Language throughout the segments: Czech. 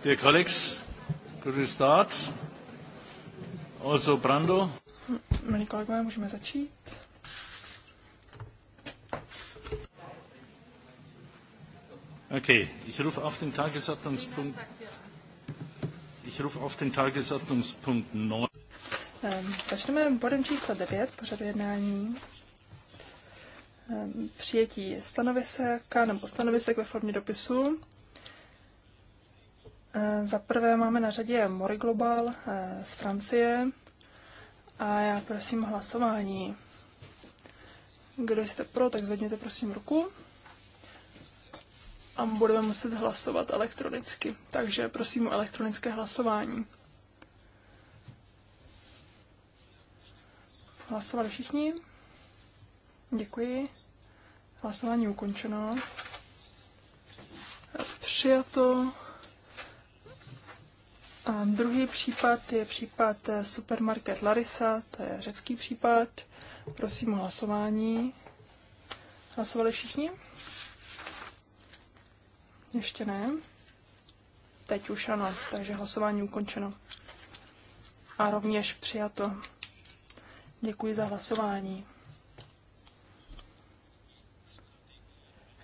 Dear colleagues, could we start? Also Brando. Milí kolegové, můžeme začít. Okay, ich rufe auf den Tagesordnungspunkt Ich rufe auf den Tagesordnungspunkt 9. Ehm, začneme bodem číslo 9 pořadu jednání ehm, přijetí stanovisek nebo stanovisek ve formě dopisu Eh, za prvé máme na řadě Mori Global eh, z Francie a já prosím hlasování. Kdo jste pro, tak zvedněte prosím ruku. A budeme muset hlasovat elektronicky. Takže prosím o elektronické hlasování. Hlasovali všichni? Děkuji. Hlasování ukončeno. Přijato. Druhý případ je případ eh, supermarket Larisa, to je řecký případ. Prosím o hlasování. Hlasovali všichni? Ještě ne. Teď už ano, takže hlasování ukončeno. A rovněž přijato. Děkuji za hlasování.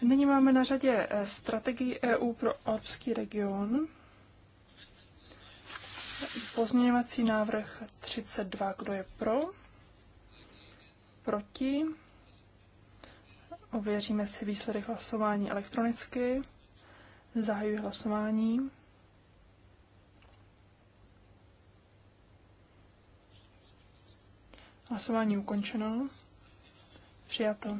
Nyní máme na řadě eh, strategii EU pro Alpský region. Pozměňovací návrh 32, kdo je pro? Proti? Ověříme si výsledek hlasování elektronicky. Zahajuji hlasování. Hlasování ukončeno. Přijato.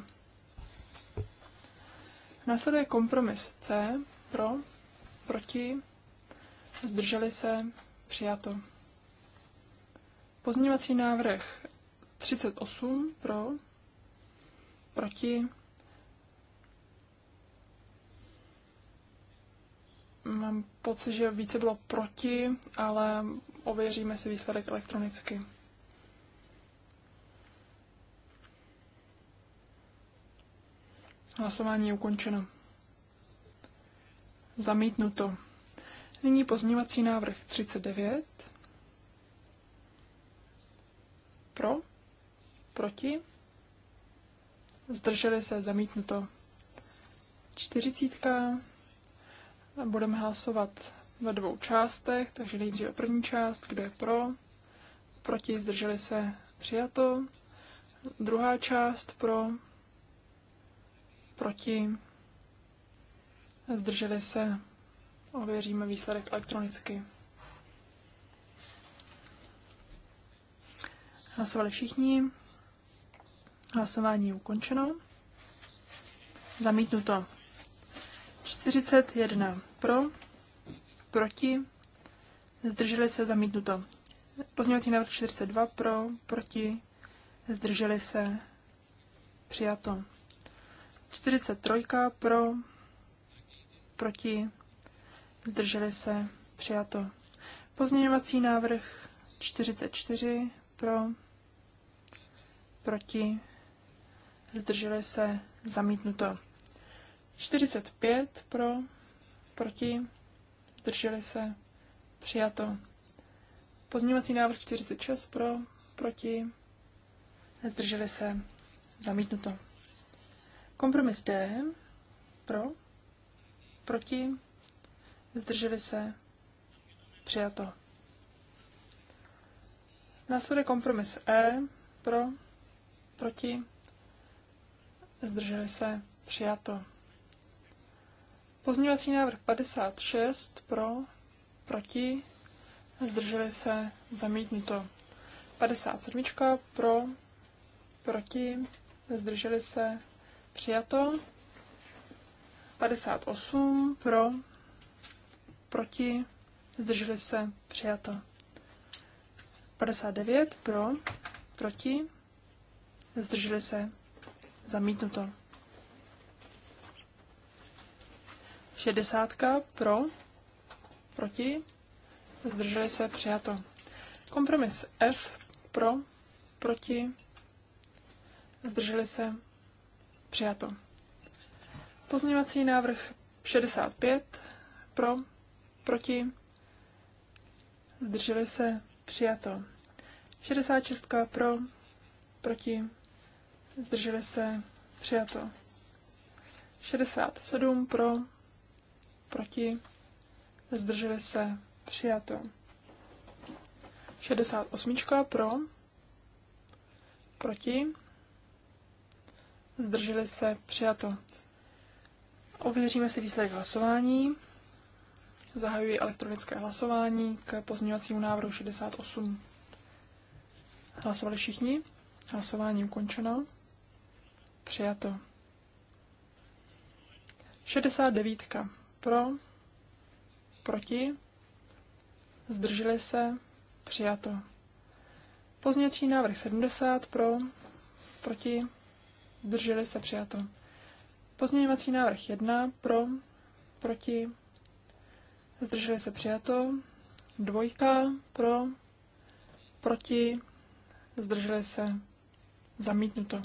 Následuje kompromis C pro, proti, zdrželi se, Přijato. Pozměňovací návrh 38 pro, proti, Mám pocit, že více bylo proti, ale ověříme si výsledek elektronicky. Hlasování je ukončeno. Zamítnuto. Nyní pozměňovací návrh 39. Pro? Proti? Zdrželi se zamítnuto. Čtyřicítka. Budeme hlasovat ve dvou částech, takže nejdříve první část, kdo je pro, proti, zdrželi se, přijato. Druhá část pro, proti, zdrželi se, Ověříme výsledek elektronicky. Hlasovali všichni. Hlasování je ukončeno. Zamítnuto. 41 pro, proti, zdrželi se zamítnuto. Pozměňovací návrh 42 pro, proti, zdrželi se přijato. 43 pro, proti, zdrželi se, přijato. Pozměňovací návrh 44 pro, proti, zdrželi se, zamítnuto. 45 pro, proti, zdrželi se, přijato. Pozměňovací návrh 46 pro, proti, zdrželi se, zamítnuto. Kompromis D pro, proti, zdrželi se, přijato. Následuje kompromis E, pro, proti, zdrželi se, přijato. Pozměňovací návrh 56, pro, proti, zdrželi se, zamítnuto. 57, pro, proti, zdrželi se, přijato. 58, pro, proti, zdrželi se, přijato. 59 pro, proti, zdrželi se, zamítnuto. 60 pro, proti, zdrželi se, přijato. Kompromis F pro, proti, zdrželi se, přijato. Pozměňovací návrh 65 pro, Proti? Zdrželi se? Přijato. 66 pro? Proti? Zdrželi se? Přijato. 67 pro? Proti? Zdrželi se? Přijato. 68 pro? Proti? Zdrželi se? Přijato. Ověříme si výsledek hlasování. Zahajuji elektronické hlasování k pozměňovacímu návrhu 68. Hlasovali všichni? Hlasování ukončeno. Přijato. 69. Pro. Proti. Zdrželi se. Přijato. Pozměňovací návrh 70. Pro. Proti. Zdrželi se. Přijato. Pozměňovací návrh 1. Pro. Proti zdrželi se přijato, dvojka pro, proti, zdrželi se zamítnuto.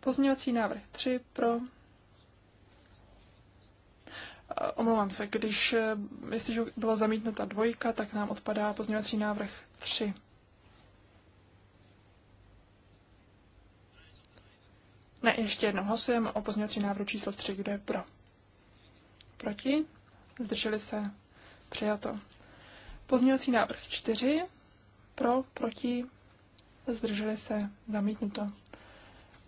Pozměňovací návrh 3 pro, omlouvám se, když, e, jestliže byla zamítnuta dvojka, tak nám odpadá pozměňovací návrh 3. Ne, ještě jednou hlasujeme o pozměňovací návrhu číslo 3, kdo je pro. Proti? zdrželi se, přijato. Pozměňovací návrh 4, pro, proti, zdrželi se, zamítnuto.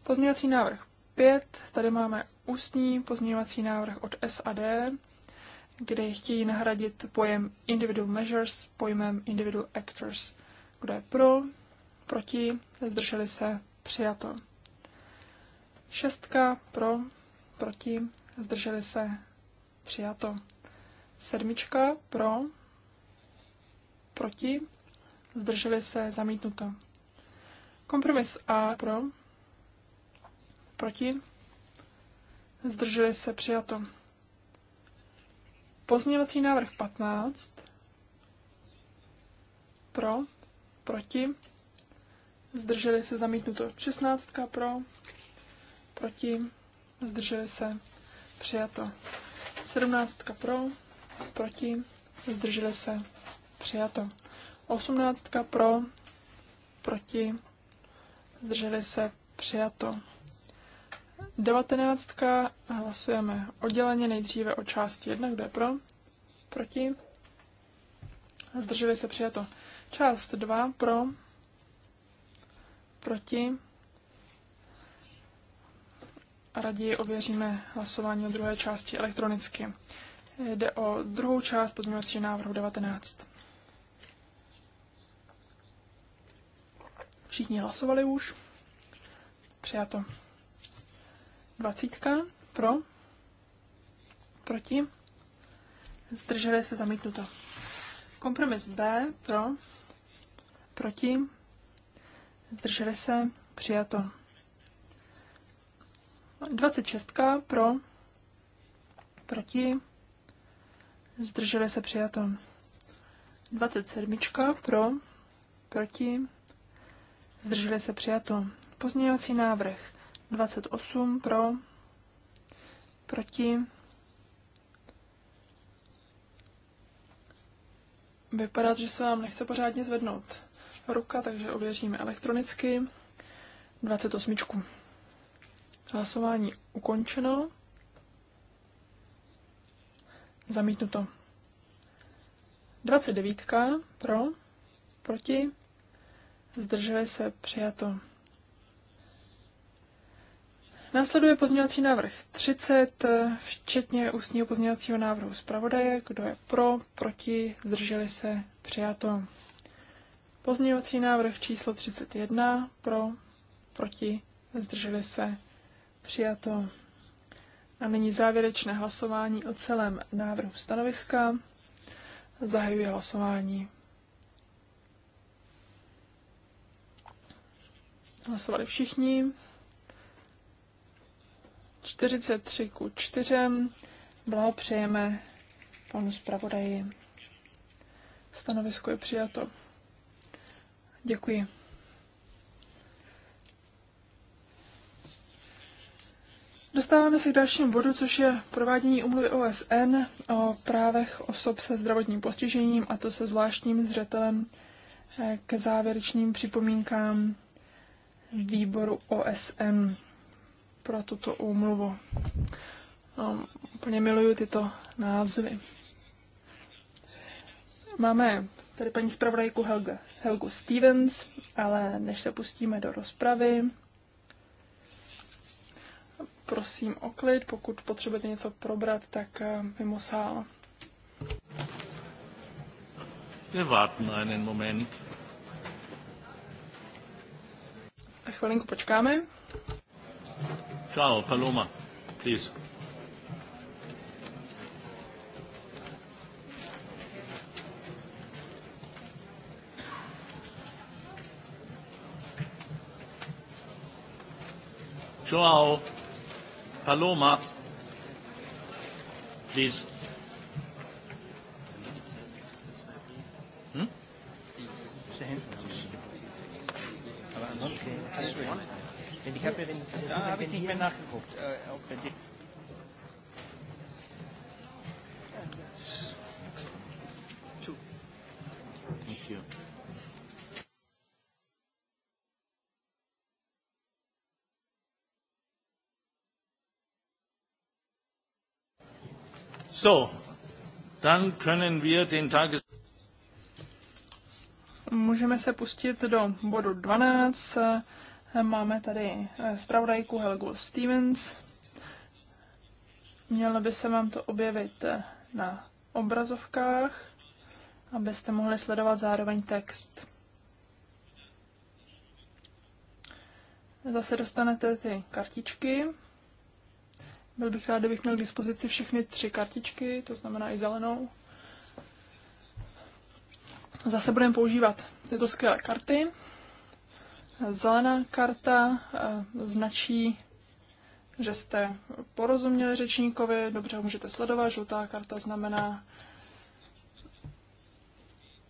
Pozměňovací návrh 5, tady máme ústní pozměňovací návrh od SAD, kde chtějí nahradit pojem individual measures pojmem individual actors. Kdo je pro, proti, zdrželi se, přijato. Šestka pro, proti, zdrželi se, přijato. Sedmička pro, proti, zdrželi se, zamítnuto. Kompromis A pro, proti, zdrželi se, přijato. Pozměňovací návrh 15 pro, proti, zdrželi se, zamítnuto. 16 pro, proti, zdrželi se, přijato. 17 pro, proti, zdrželi se, přijato. 18 pro, proti, zdrželi se, přijato. 19 hlasujeme odděleně nejdříve o části 1, kdo je pro, proti, zdrželi se, přijato. Část 2 pro, proti, raději ověříme hlasování o druhé části elektronicky. Jde o druhou část pozměňovacího návrhu 19. Všichni hlasovali už. Přijato. 20. Pro. Proti. Zdrželi se zamítnuto. Kompromis B. Pro. Proti. Zdrželi se. Přijato. 26. Pro. Proti zdrželi se přijato. 27 pro, proti, zdrželi se přijato. Pozměňovací návrh 28 pro, proti, Vypadá, že se vám nechce pořádně zvednout ruka, takže ověříme elektronicky 28. Hlasování ukončeno. Zamítnuto. 29. Pro, proti, zdrželi se, přijato. Následuje pozměňovací návrh 30, včetně ústního pozměňovacího návrhu zpravodaje. Kdo je pro, proti, zdrželi se, přijato. Pozměňovací návrh číslo 31, pro, proti, zdrželi se, přijato. A nyní závěrečné hlasování o celém návrhu stanoviska. Zahajuji hlasování. Hlasovali všichni. 43 ku 4. Blahopřejeme panu zpravodaji. Stanovisko je přijato. Děkuji. Dostáváme se k dalšímu bodu, což je provádění umluvy OSN o právech osob se zdravotním postižením, a to se zvláštním zřetelem eh, k závěrečným připomínkám výboru OSN pro tuto úmluvu. No, úplně miluju tyto názvy. Máme tady paní zpravodajku Helga, Helgu Stevens, ale než se pustíme do rozpravy, prosím o klid, pokud potřebujete něco probrat, tak eh, mimo sál. Wir warten einen Moment. A chvilinku počkáme. Ciao, Paloma, please. Ciao. Paloma, please. Hm? da habe ich nicht mehr nachgeguckt, äh, ob der So, dann können wir den Tages Můžeme se pustit do bodu 12. Máme tady eh, zpravodajku Helgu Stevens. Mělo by se vám to objevit eh, na obrazovkách, abyste mohli sledovat zároveň text. Zase dostanete ty kartičky. Byl bych rád, kdybych měl k dispozici všechny tři kartičky, to znamená i zelenou. Zase budeme používat tyto skvělé karty. Zelená karta eh, značí, že jste porozuměli řečníkovi, dobře ho můžete sledovat. Žlutá karta znamená,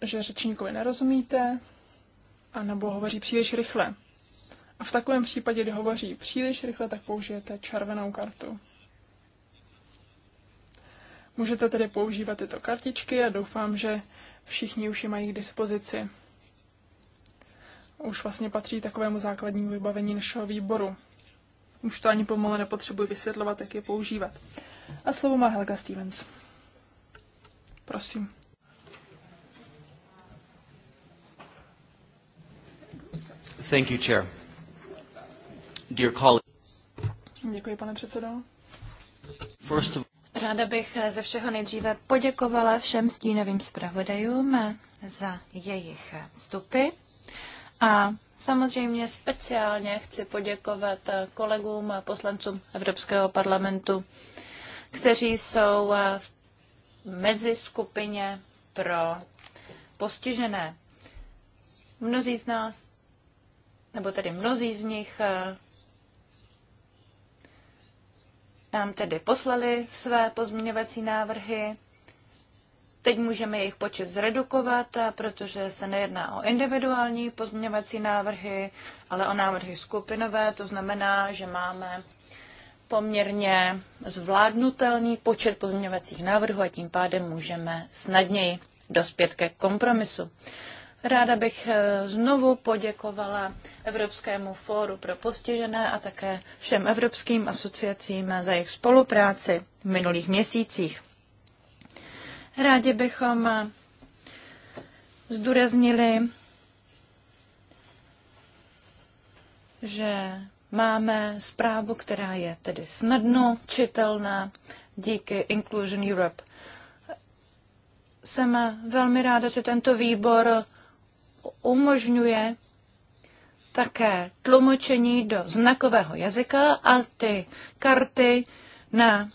že řečníkovi nerozumíte, anebo hovoří příliš rychle. A v takovém případě, kdy hovoří příliš rychle, tak použijete červenou kartu. Můžete tedy používat tyto kartičky a doufám, že všichni už je mají k dispozici. Už vlastně patří takovému základnímu vybavení našeho výboru. Už to ani pomalu nepotřebuji vysvětlovat, jak je používat. A slovo má Helga Stevens. Prosím. Thank you, Chair. Dear colleagues. Děkuji, pane předsedo. First of Ráda bych ze všeho nejdříve poděkovala všem stínovým zpravodajům za jejich vstupy. A samozřejmě speciálně chci poděkovat kolegům a poslancům Evropského parlamentu, kteří jsou v mezi skupině pro postižené. Mnozí z nás, nebo tedy mnozí z nich, nám tedy poslali své pozměňovací návrhy. Teď můžeme jejich počet zredukovat, protože se nejedná o individuální pozměňovací návrhy, ale o návrhy skupinové. To znamená, že máme poměrně zvládnutelný počet pozměňovacích návrhů a tím pádem můžeme snadněji dospět ke kompromisu. Ráda bych eh, znovu poděkovala Evropskému fóru pro postižené a také všem evropským asociacím za jejich spolupráci v minulých měsících. Rádi bychom eh, zdůraznili, že máme zprávu, která je tedy snadno čitelná díky Inclusion Europe. Jsem velmi ráda, že tento výbor umožňuje také tlumočení do znakového jazyka a ty karty na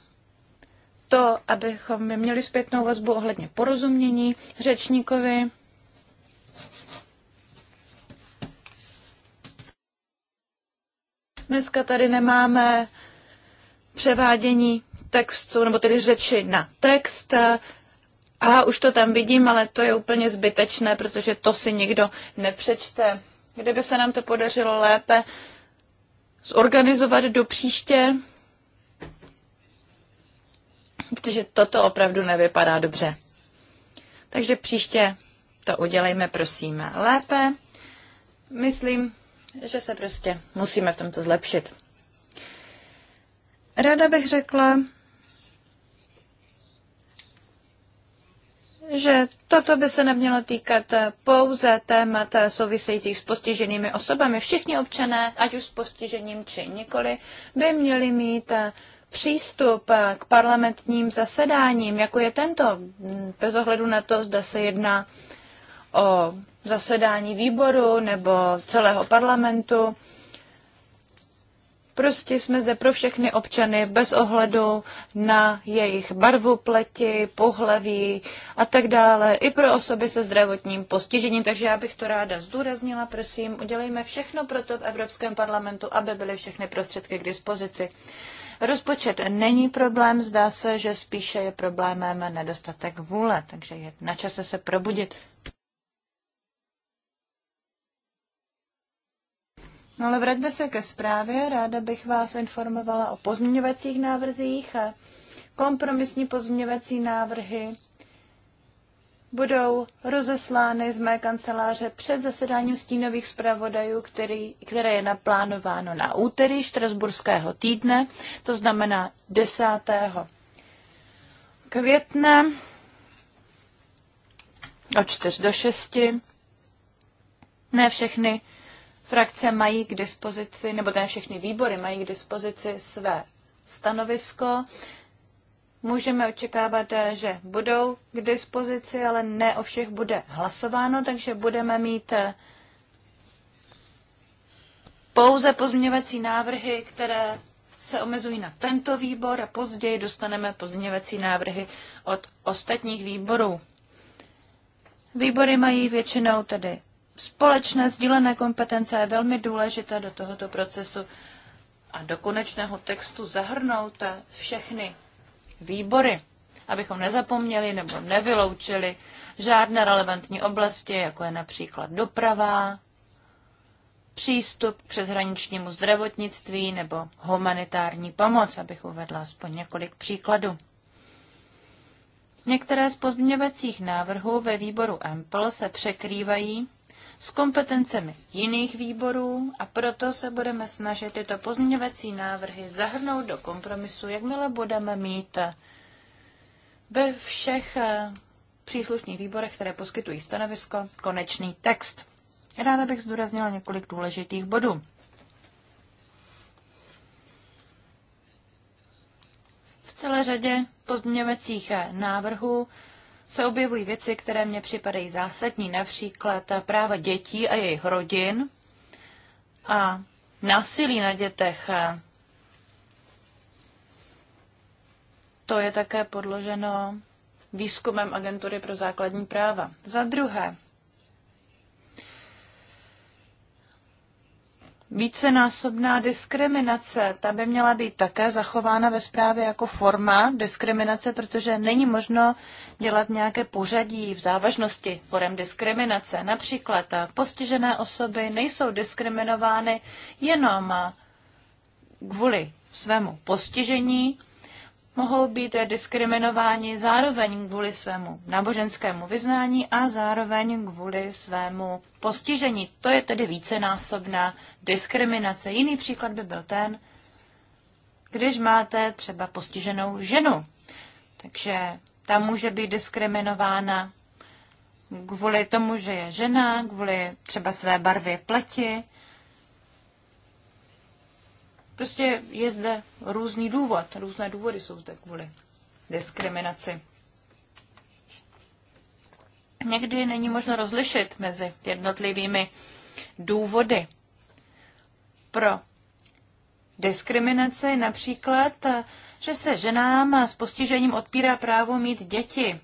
to, abychom měli zpětnou vazbu ohledně porozumění řečníkovi. Dneska tady nemáme převádění textu, nebo tedy řeči na text a už to tam vidím, ale to je úplně zbytečné, protože to si nikdo nepřečte. Kdyby se nám to podařilo lépe zorganizovat do příště, protože toto opravdu nevypadá dobře. Takže příště to udělejme, prosíme, lépe. Myslím, že se prostě musíme v tomto zlepšit. Ráda bych řekla, že toto by se nemělo týkat pouze témat souvisejících s postiženými osobami. Všichni občané, ať už s postižením či nikoli, by měli mít eh, přístup eh, k parlamentním zasedáním, jako je tento, bez ohledu na to, zda se jedná o zasedání výboru nebo celého parlamentu. Prostě jsme zde pro všechny občany bez ohledu na jejich barvu pleti, pohlaví a tak dále, i pro osoby se zdravotním postižením. Takže já bych to ráda zdůraznila, prosím, udělejme všechno pro to v Evropském parlamentu, aby byly všechny prostředky k dispozici. Rozpočet není problém, zdá se, že spíše je problémem nedostatek vůle, takže je na čase se probudit. No ale vraťme se ke zprávě. Ráda bych vás informovala o pozměňovacích návrzích. A kompromisní pozměňovací návrhy budou rozeslány z mé kanceláře před zasedáním stínových zpravodajů, který, které je naplánováno na úterý štrasburského týdne, to znamená 10. května od 4 do 6. Ne všechny frakce mají k dispozici, nebo ten všechny výbory mají k dispozici své stanovisko. Můžeme očekávat, že budou k dispozici, ale ne o všech bude hlasováno, takže budeme mít eh, pouze pozměňovací návrhy, které se omezují na tento výbor a později dostaneme pozměňovací návrhy od ostatních výborů. Výbory mají většinou tedy společné sdílené kompetence je velmi důležité do tohoto procesu a do konečného textu zahrnout všechny výbory, abychom nezapomněli nebo nevyloučili žádné relevantní oblasti, jako je například doprava, přístup k přeshraničnímu zdravotnictví nebo humanitární pomoc, abych uvedla aspoň několik příkladů. Některé z pozměňovacích návrhů ve výboru EMPL se překrývají s kompetencemi jiných výborů a proto se budeme snažit tyto pozměňovací návrhy zahrnout do kompromisu, jakmile budeme mít eh, ve všech eh, příslušných výborech, které poskytují stanovisko, konečný text. Ráda bych zdůraznila několik důležitých bodů. V celé řadě pozměňovacích eh, návrhů se objevují věci, které mně připadají zásadní, například práva dětí a jejich rodin a násilí na dětech. To je také podloženo výzkumem Agentury pro základní práva. Za druhé, Vícenásobná diskriminace, ta by měla být také zachována ve zprávě jako forma diskriminace, protože není možno dělat nějaké pořadí v závažnosti forem diskriminace. Například postižené osoby nejsou diskriminovány jenom kvůli svému postižení, mohou být diskriminováni zároveň kvůli svému náboženskému vyznání a zároveň kvůli svému postižení. To je tedy vícenásobná diskriminace. Jiný příklad by byl ten, když máte třeba postiženou ženu. Takže ta může být diskriminována kvůli tomu, že je žena, kvůli třeba své barvě pleti, Prostě je zde různý důvod. Různé důvody jsou zde kvůli diskriminaci. Někdy není možno rozlišit mezi jednotlivými důvody pro diskriminaci, například, že se ženám s postižením odpírá právo mít děti.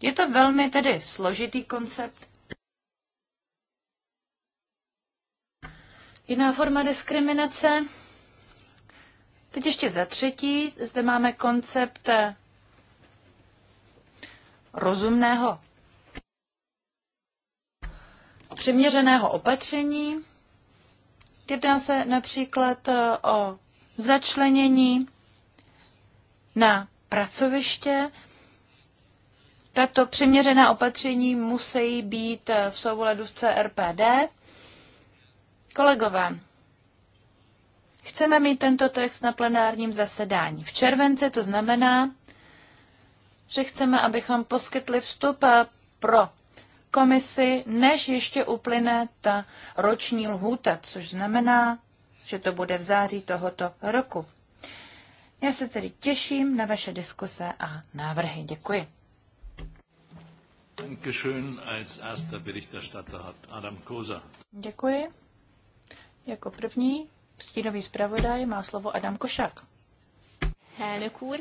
Je to velmi tedy složitý koncept, Jiná forma diskriminace. Teď ještě za třetí, zde máme koncept eh, rozumného přiměřeného opatření. Jedná se například eh, o začlenění na pracoviště. Tato přiměřená opatření musí být eh, v souladu s CRPD. Kolegové, chceme mít tento text na plenárním zasedání. V červenci to znamená, že chceme, abychom poskytli vstup eh, pro komisi, než ještě uplyne ta roční lhůta, což znamená, že to bude v září tohoto roku. Já se tedy těším na vaše diskuse a návrhy. Děkuji. Děkuji. Jako první stínový zpravodaj má slovo Adam Košák. Elnök úr,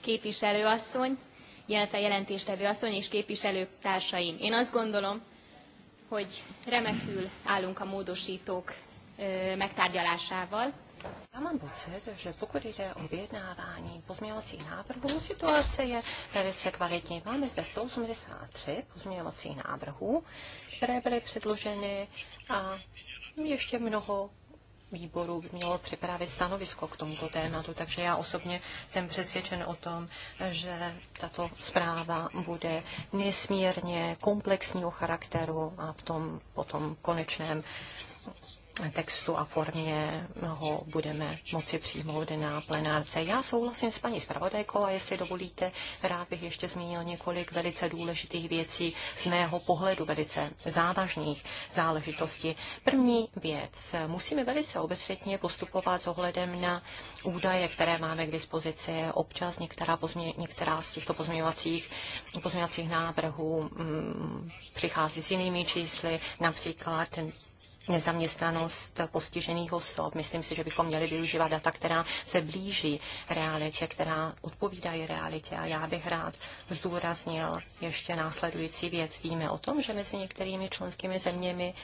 képviselőasszony, illetve jelentéstevő asszony és képviselő társaim. Én azt gondolom, hogy remekül állunk a módosítók megtárgyalásával. Já mám pocit, že pokud jde o vyjednávání pozměňovacích návrhů, situace je velice kvalitní. Máme zde 183 pozměňovacích návrhů, které byly předloženy a ještě mnoho výborů by mělo připravit stanovisko k tomuto tématu, takže já osobně jsem přesvědčen o tom, že tato zpráva bude nesmírně komplexního charakteru a v tom potom konečném textu a formě ho budeme moci přijmout na plenáce. Já souhlasím s paní zpravodajkou a jestli dovolíte, rád bych ještě zmínil několik velice důležitých věcí z mého pohledu, velice závažných záležitostí. První věc. Musíme velice obezřetně postupovat s ohledem na údaje, které máme k dispozici. Občas některá, pozmě, některá z těchto pozměňovacích, pozměňovacích návrhů m, mm, přichází s jinými čísly, například nezaměstnanost postižených osob. Myslím si, že bychom měli využívat data, která se blíží realitě, která odpovídají realitě. A já bych rád zdůraznil ještě následující věc. Víme o tom, že mezi některými členskými zeměmi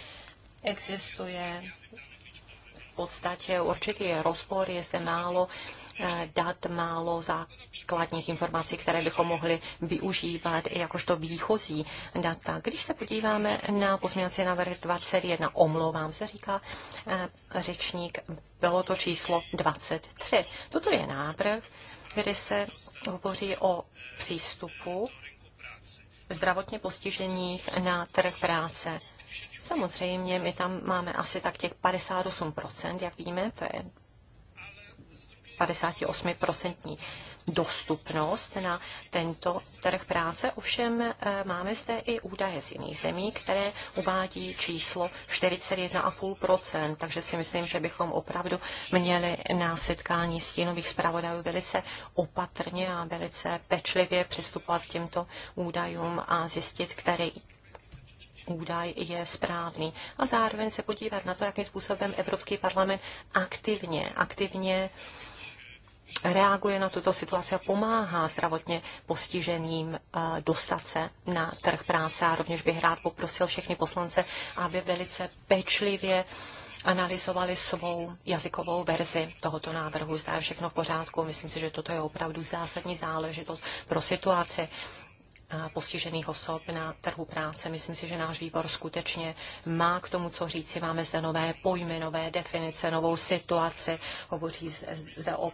existuje v podstatě určitý je rozpor, je zde málo eh, dat, málo základních informací, které bychom mohli využívat jakožto výchozí data. Když se podíváme na pozměňovací návrh 21, omlouvám se, říká eh, řečník, bylo to číslo 23. Toto je návrh, kde se hovoří o přístupu zdravotně postižených na trh práce. Samozřejmě, my tam máme asi tak těch 58%, jak víme, to je 58% dostupnost na tento trh práce. Ovšem eh, máme zde i údaje z jiných zemí, které uvádí číslo 41,5%, takže si myslím, že bychom opravdu měli na setkání stínových zpravodajů velice opatrně a velice pečlivě přistupovat k těmto údajům a zjistit, který údaj je správný. A zároveň se podívat na to, jakým způsobem Evropský parlament aktivně, aktivně reaguje na tuto situaci a pomáhá zdravotně postiženým eh, dostat se na trh práce. A rovněž bych rád poprosil všechny poslance, aby velice pečlivě analyzovali svou jazykovou verzi tohoto návrhu. Zdá všechno v pořádku. Myslím si, že toto je opravdu zásadní záležitost pro situaci postižených osob na trhu práce. Myslím si, že náš výbor skutečně má k tomu, co říci. Máme zde nové pojmy, nové definice, novou situaci. Hovoří zde o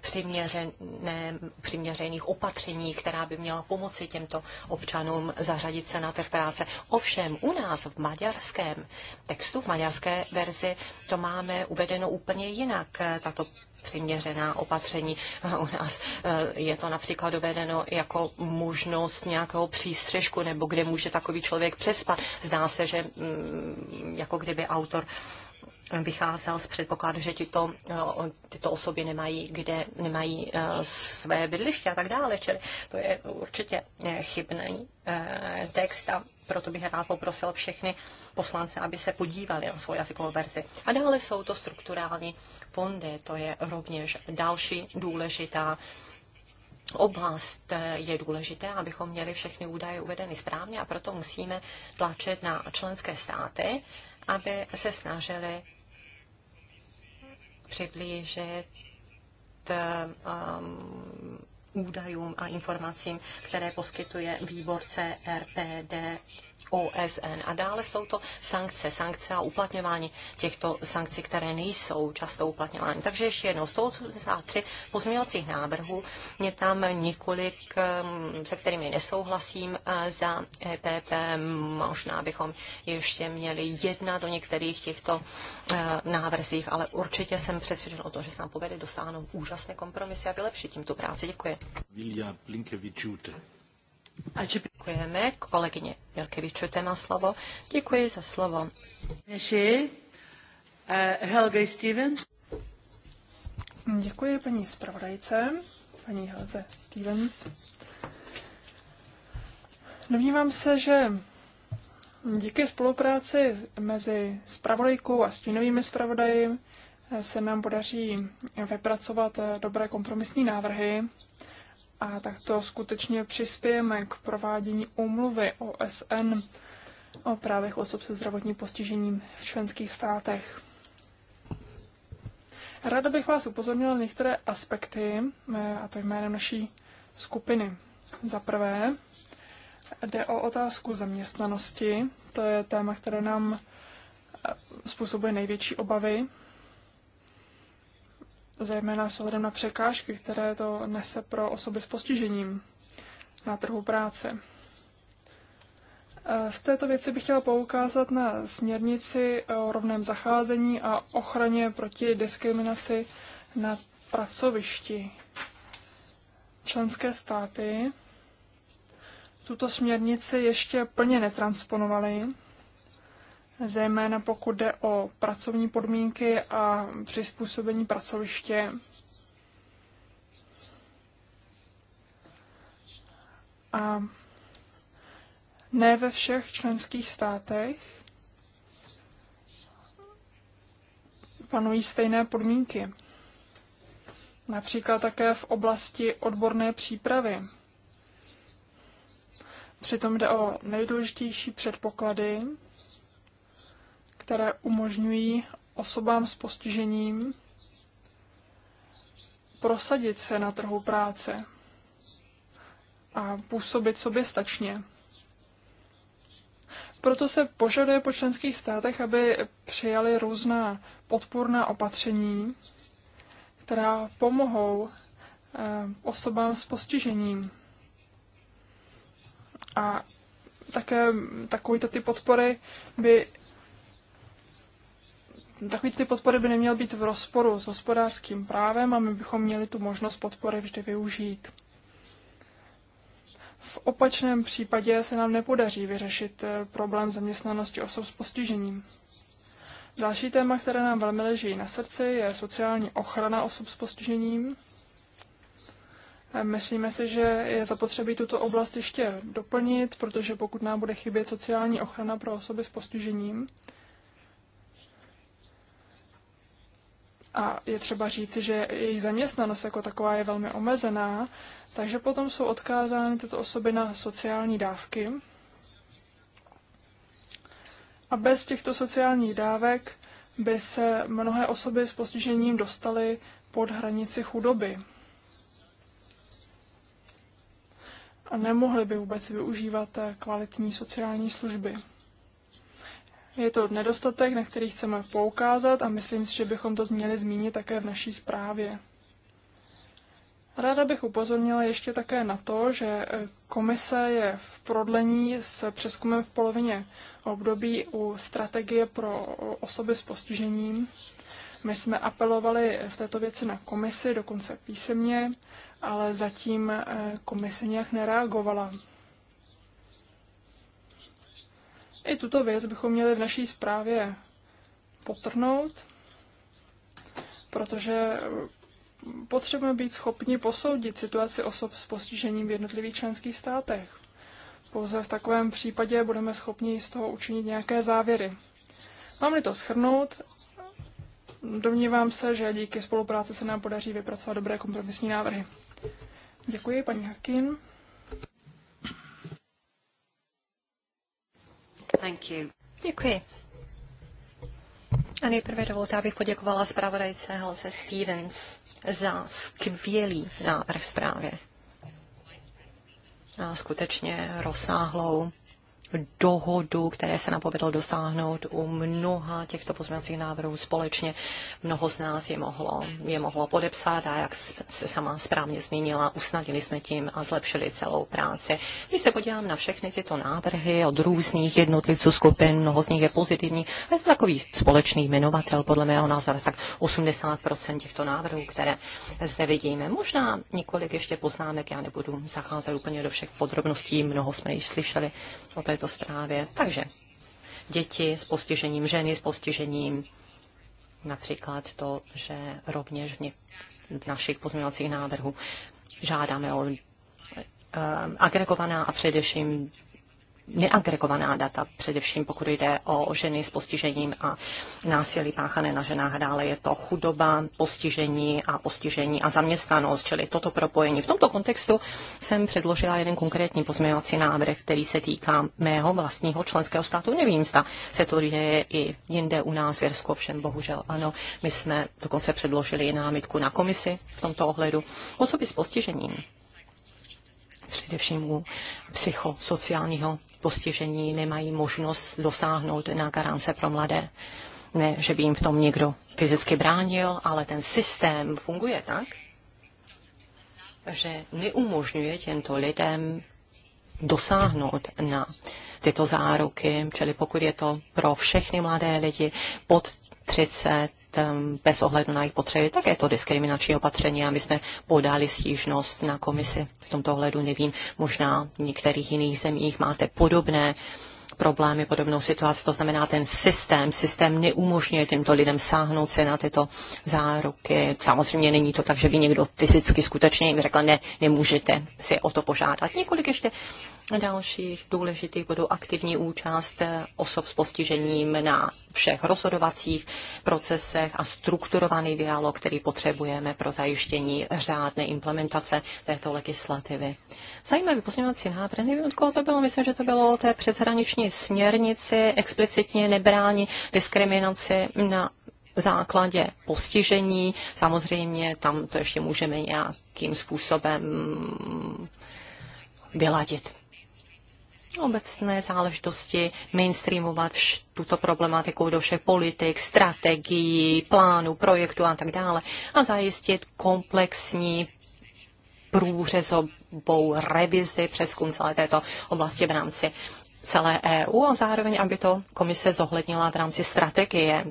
přiměřených opatřeních, která by měla pomoci těmto občanům zařadit se na trh práce. Ovšem u nás v maďarském textu, v maďarské verzi, to máme uvedeno úplně jinak. Tato přiměřená opatření. Eh, u nás eh, je to například uvedeno jako možnost nějakého přístřežku, nebo kde může takový člověk přespat. Zdá se, že mm, jako kdyby autor vycházel z předpokladu, že tyto, eh, tyto osoby nemají, kde nemají své bydliště a tak dále. Čili to je určitě chybný text a proto bych rád poprosil všechny poslance, aby se podívali na svou jazykovou verzi. A dále jsou to strukturální fondy, to je rovněž další důležitá oblast je důležité, abychom měli všechny údaje uvedeny správně a proto musíme tlačit na členské státy, aby se snažili přiblížit um, údajům a informacím, které poskytuje výbor CRPD OSN. A dále jsou to sankce, sankce a uplatňování těchto sankcí, které nejsou často uplatňovány. Takže ještě jednou, 183 pozměňovacích návrhů, je tam několik, ehm, se kterými nesouhlasím eh, za EPP, možná bychom ještě měli jedna do některých těchto eh, návrzích, ale určitě jsem přesvědčen o tom, že se nám povede dosáhnout úžasné kompromisy a vylepšit tím tu práci. Děkuji. Vilja Blinkevičute. A děkujeme. Kolegyně Blinkevičute má slovo. Děkuji za slovo. Naši eh, Helge Stevens. Děkuji paní zpravodajce, paní Helze Stevens. Domnívám se, že díky spolupráci mezi zpravodajkou a stínovými zpravodaji eh, se nám podaří vypracovat eh, dobré kompromisní návrhy, a takto skutečně přispějeme k provádění umluvy OSN o právech osob se zdravotním postižením v členských státech. Ráda bych vás upozornila na některé aspekty, eh, a to jménem naší skupiny. Za prvé, jde o otázku zaměstnanosti. To je téma, které nám eh, způsobuje největší obavy zejména s ohledem na překážky, které to nese pro osoby s postižením na trhu práce. E, v této věci bych chtěla poukázat na směrnici o rovném zacházení a ochraně proti diskriminaci na pracovišti. Členské státy tuto směrnici ještě plně netransponovaly zejména pokud jde o pracovní podmínky a přizpůsobení pracoviště. A ne ve všech členských státech panují stejné podmínky. Například také v oblasti odborné přípravy. Přitom jde o nejdůležitější předpoklady které umožňují osobám s postižením prosadit se na trhu práce a působit stačně. Proto se požaduje po členských státech, aby přijali různá podpůrná opatření, která pomohou eh, osobám s postižením. A také takovýto typ podpory by takový ty podpory by neměl být v rozporu s hospodářským právem a my bychom měli tu možnost podpory vždy využít. V opačném případě se nám nepodaří vyřešit eh, problém zaměstnanosti osob s postižením. Další téma, které nám velmi leží na srdci, je sociální ochrana osob s postižením. Eh, myslíme si, že je zapotřebí tuto oblast ještě doplnit, protože pokud nám bude chybět sociální ochrana pro osoby s postižením, a je třeba říci, že jejich zaměstnanost jako taková je velmi omezená, takže potom jsou odkázány tyto osoby na sociální dávky. A bez těchto sociálních dávek by se mnohé osoby s postižením dostaly pod hranici chudoby. A nemohly by vůbec využívat kvalitní sociální služby. Je to nedostatek, na který chceme poukázat a myslím si, že bychom to měli zmínit také v naší zprávě. Ráda bych upozornila ještě také na to, že eh, komise je v prodlení s přeskumem v polovině období u strategie pro osoby s postižením. My jsme apelovali v této věci na komisi, dokonce písemně, ale zatím eh, komise nějak nereagovala. I tuto věc bychom měli v naší zprávě potrhnout, protože eh, potřebujeme být schopni posoudit situaci osob s postižením v jednotlivých členských státech. Pouze v takovém případě budeme schopni z toho učinit nějaké závěry. Mám-li to schrnout, domnívám se, že díky spolupráci se nám podaří vypracovat dobré kompromisní návrhy. Děkuji, paní Hakin. Thank you. Děkuji. A nejprve dovolte, abych poděkovala zpravodajce Helze Stevens za skvělý návrh zprávě. A skutečně rozsáhlou dohodu, které se nám povedlo dosáhnout u mnoha těchto pozměňovacích návrhů společně. Mnoho z nás je mohlo, je mohlo podepsat a jak se sama správně zmínila, usnadili jsme tím a zlepšili celou práci. Když se podívám na všechny tyto návrhy od různých jednotlivců skupin, mnoho z nich je pozitivní, a je to takový společný jmenovatel, podle mého názoru, tak 80% těchto návrhů, které zde vidíme. Možná několik ještě poznámek, já nebudu zacházet úplně do všech podrobností, mnoho jsme již slyšeli o té této zprávě. Takže děti s postižením, ženy s postižením, například to, že rovněž v, v našich pozměňovacích návrhů žádáme o eh, agregovaná a především neagregovaná data, především pokud jde o ženy s postižením a násilí páchané na ženách. Dále je to chudoba, postižení a postižení a zaměstnanost, čili toto propojení. V tomto kontextu jsem předložila jeden konkrétní pozměňovací návrh, který se týká mého vlastního členského státu. Nevím, zda se to děje i jinde u nás v Jersku, ovšem bohužel ano. My jsme dokonce předložili námitku na komisi v tomto ohledu. Osoby s postižením především u psychosociálního postižení nemají možnost dosáhnout na garance pro mladé. Ne, že by jim v tom někdo fyzicky bránil, ale ten systém funguje tak, že neumožňuje těmto lidem dosáhnout na tyto záruky, čili pokud je to pro všechny mladé lidi pod 30, Um, bez ohledu na jejich potřeby, tak je to diskriminační opatření a my jsme podali stížnost na komisi. V tomto ohledu nevím, možná v některých jiných zemích máte podobné problémy, podobnou situaci. To znamená, ten systém, systém neumožňuje těmto lidem sáhnout se na tyto záruky. Samozřejmě není to tak, že by někdo fyzicky skutečně jim řekl, ne, nemůžete si o to požádat. Několik ještě dalších důležitých budou aktivní účast osob s postižením na všech rozhodovacích procesech a strukturovaný dialog, který potřebujeme pro zajištění řádné implementace této legislativy. Zajímavý pozměňovací návrh, nevím, od koho to bylo, myslím, že to bylo o té přeshraniční směrnici, explicitně nebrání diskriminaci na základě postižení. Samozřejmě tam to ještě můžeme nějakým způsobem vyladit obecné záležitosti mainstreamovat vš- tuto problematiku do všech politik, strategií, plánů, projektů a tak dále a zajistit komplexní průřezovou revizi přeskum celé této oblasti v rámci celé EU a zároveň, aby to komise zohlednila v rámci strategie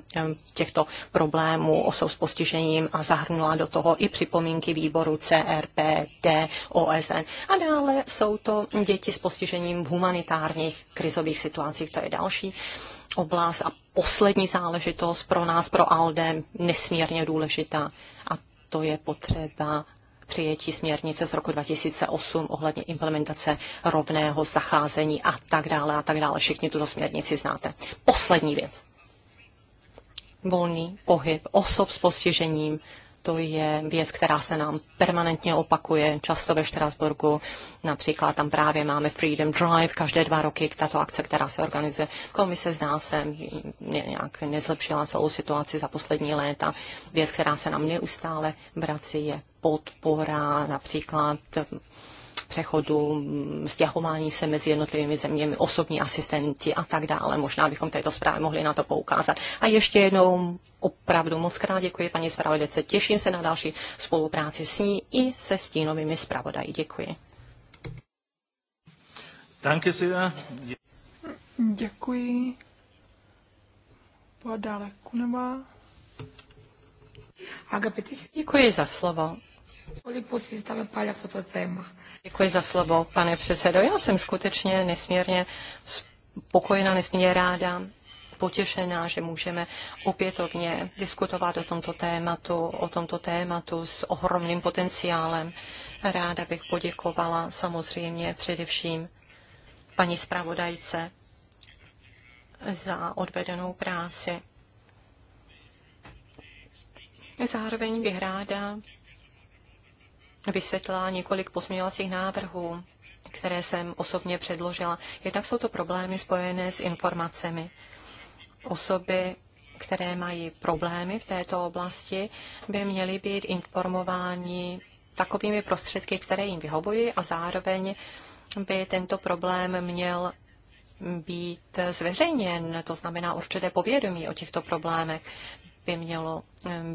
těchto problémů osob s postižením a zahrnula do toho i připomínky výboru CRPD, OSN. A dále jsou to děti s postižením v humanitárních krizových situacích, to je další oblast a poslední záležitost pro nás, pro ALDE, nesmírně důležitá. A to je potřeba přijetí směrnice z roku 2008 ohledně implementace rovného zacházení a tak dále a tak dále. Všichni tuto směrnici znáte. Poslední věc. Volný pohyb osob s postižením, to je věc, která se nám permanentně opakuje, často ve Štrasburgu. Například tam právě máme Freedom Drive každé dva roky, tato akce, která se organizuje. Komise zná se nějak nezlepšila celou situaci za poslední léta. Věc, která se nám neustále vrací, je podpora například přechodu, stěhování se mezi jednotlivými zeměmi, osobní asistenti a tak dále. Možná bychom této zprávě mohli na to poukázat. A ještě jednou opravdu moc krát děkuji paní zpravodajce. Těším se na další spolupráci s ní i se stínovými zpravodají. Děkuji. Danke sehr. Děkuji. Podále Kuneva. Agapetis. Děkuji za slovo. Děkuji za slovo, pane předsedo. Já jsem skutečně nesmírně spokojená, nesmírně ráda, potěšená, že můžeme opětovně diskutovat o tomto tématu, o tomto tématu s ohromným potenciálem. Ráda bych poděkovala samozřejmě především paní zpravodajce za odvedenou práci. Zároveň bych ráda vysvětlila několik pozměňovacích návrhů, které jsem osobně předložila. Jednak jsou to problémy spojené s informacemi. Osoby, které mají problémy v této oblasti, by měly být informováni takovými prostředky, které jim vyhovují a zároveň by tento problém měl být zveřejněn, to znamená určité povědomí o těchto problémech by mělo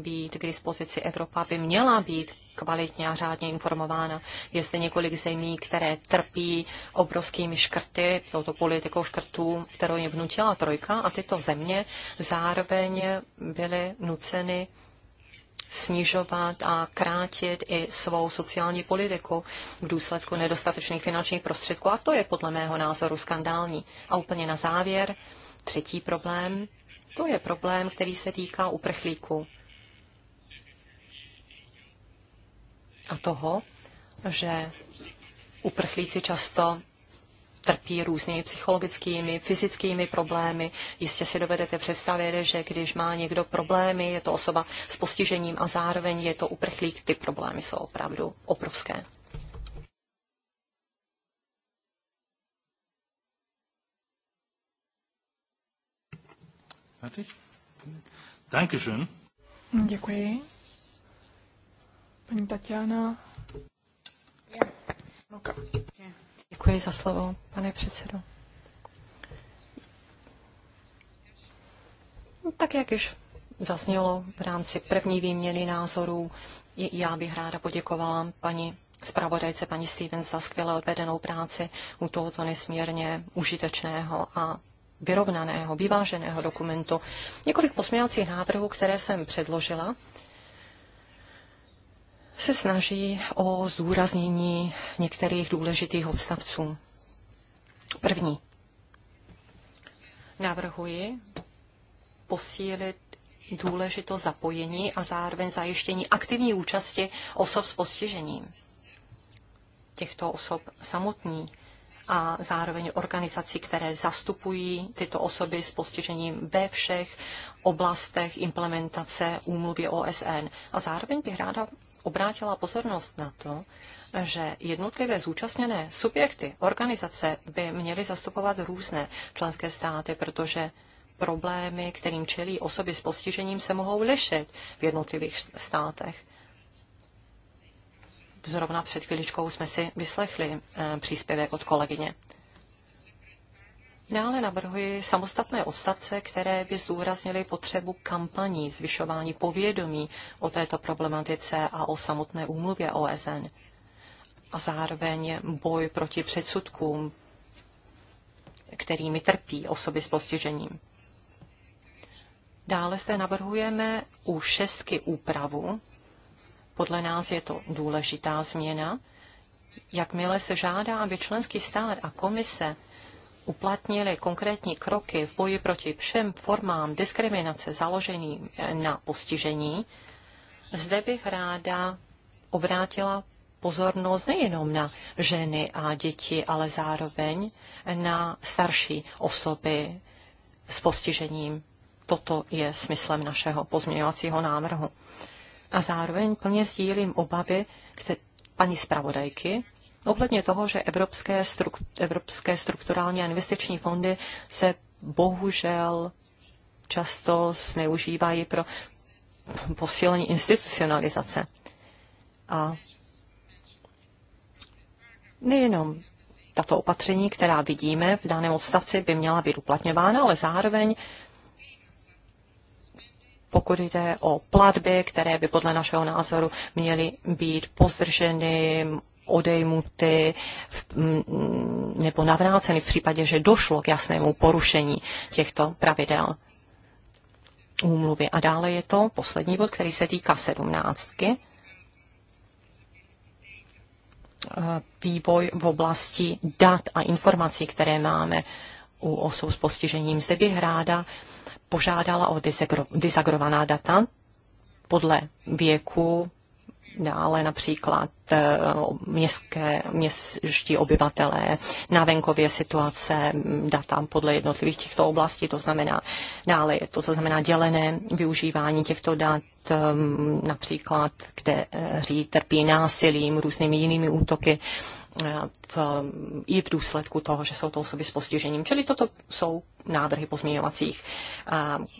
být k dispozici. Evropa by měla být kvalitně a řádně informována. Je zde několik zemí, které trpí obrovskými škrty, touto politikou škrtů, kterou jim vnutila trojka a tyto země zároveň byly nuceny snižovat a krátit i svou sociální politiku v důsledku nedostatečných finančních prostředků. A to je podle mého názoru skandální. A úplně na závěr, třetí problém, to je problém, který se týká uprchlíků. a toho, že uprchlíci často trpí různými psychologickými, fyzickými problémy. Jistě si dovedete představit, že když má někdo problémy, je to osoba s postižením a zároveň je to uprchlík, ty problémy jsou opravdu obrovské. Fertig? Dankeschön. Děkuji. Paní Tatiana. Děkuji za slovo, pane předsedo. Tak jak už zaznělo v rámci první výměny názorů, já bych ráda poděkovala paní zpravodajce, paní Stevens, za skvěle odvedenou práci u tohoto nesmírně užitečného a vyrovnaného, vyváženého dokumentu. Několik posměvacích návrhů, které jsem předložila, se snaží o zdůraznění některých důležitých odstavců. První. Navrhuji posílit důležitost zapojení a zároveň zajištění aktivní účasti osob s postižením. Těchto osob samotní a zároveň organizací, které zastupují tyto osoby s postižením ve všech oblastech implementace úmluvy OSN. A zároveň bych ráda obrátila pozornost na to, že jednotlivé zúčastněné subjekty, organizace by měly zastupovat různé členské státy, protože problémy, kterým čelí osoby s postižením, se mohou lišit v jednotlivých státech. Zrovna před chvíličkou jsme si vyslechli eh, příspěvek od kolegyně. Dále navrhuji samostatné odstavce, které by zdůraznily potřebu kampaní, zvyšování povědomí o této problematice a o samotné úmluvě OSN. A zároveň boj proti předsudkům, kterými trpí osoby s postižením. Dále zde navrhujeme u šestky úpravu. Podle nás je to důležitá změna. Jakmile se žádá, aby členský stát a komise uplatnili konkrétní kroky v boji proti všem formám diskriminace založeným na postižení, zde bych ráda obrátila pozornost nejenom na ženy a děti, ale zároveň na starší osoby s postižením. Toto je smyslem našeho pozměňovacího návrhu. A zároveň plně sdílím obavy paní zpravodajky, ohledně toho, že evropské, struk, evropské strukturální a investiční fondy se bohužel často zneužívají pro posílení institucionalizace. A nejenom tato opatření, která vidíme v daném odstavci, by měla být uplatňována, ale zároveň pokud jde o platby, které by podle našeho názoru měly být pozdrženy, odejmuty v, mm, nebo navráceny v případě, že došlo k jasnému porušení těchto pravidel úmluvy. A dále je to poslední bod, který se týká sedmnáctky. Vývoj v oblasti dat a informací, které máme u osob s postižením. Zde bych ráda požádala o disagro, disagrovaná data podle věku, dále například eh, městské, městští obyvatelé, na venkově situace, mm, data podle jednotlivých těchto oblastí, to znamená dále, to, to znamená dělené využívání těchto dat, mm, například, kteří trpí násilím, různými jinými útoky v, i v důsledku toho, že jsou to osoby s postižením. Čili toto jsou návrhy pozměňovacích,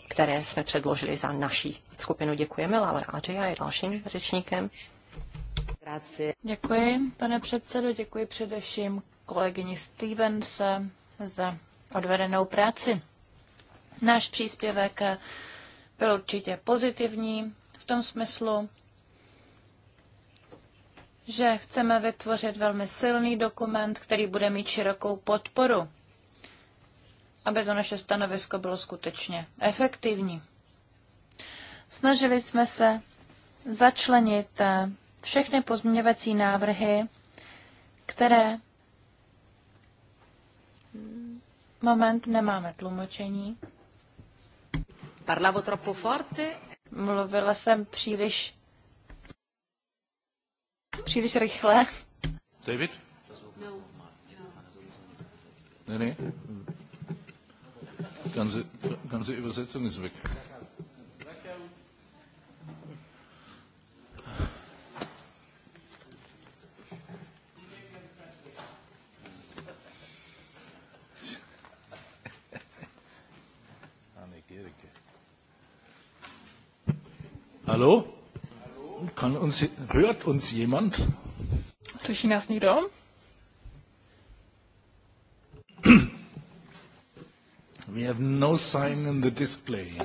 které jsme předložili za naší skupinu. Děkujeme. Laura Adria je dalším řečníkem. Děkuji, pane předsedo, děkuji především kolegyni Stevens za odvedenou práci. Náš příspěvek byl určitě pozitivní v tom smyslu, že chceme vytvořit velmi silný dokument, který bude mít širokou podporu, aby to naše stanovisko bylo skutečně efektivní. Snažili jsme se začlenit eh, všechny pozměňovací návrhy, které moment nemáme tlumočení. Parlavo troppo forte. Mluvila jsem příliš Příliš rychle. David? No. Ne, ne. Kann sie, Übersetzung ist weg. Hallo? Kann uns, hört uns jemand? Slyší nás někdo? We have no sign in the display.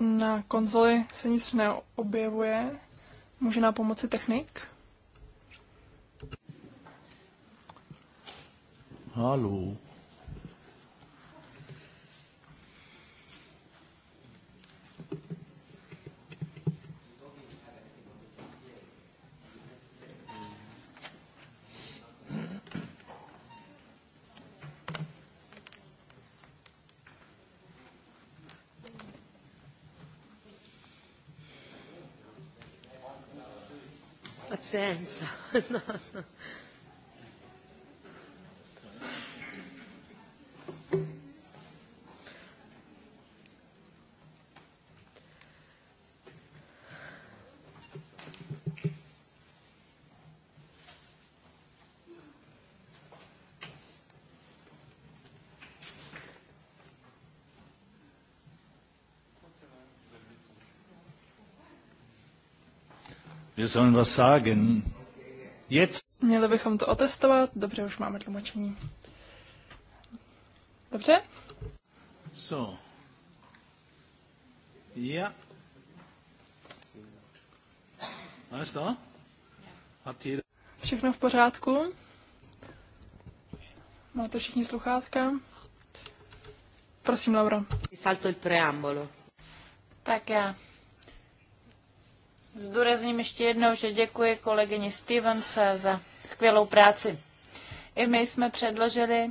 Na konzoli se nic neobjevuje. Může nám pomoci technik? Halo. senso. no, no. Wir sollen was sagen. Jetzt. Měli bychom to otestovat. Dobře, už máme tlumočení. Dobře? So. Ja. Alles da? Hat jeder... Všechno v pořádku? Máte všichni sluchátka? Prosím, Laura. Salto il preambolo. Tak já Zdůrazním ještě jednou, že děkuji kolegyni Stevens za skvělou práci. I my jsme předložili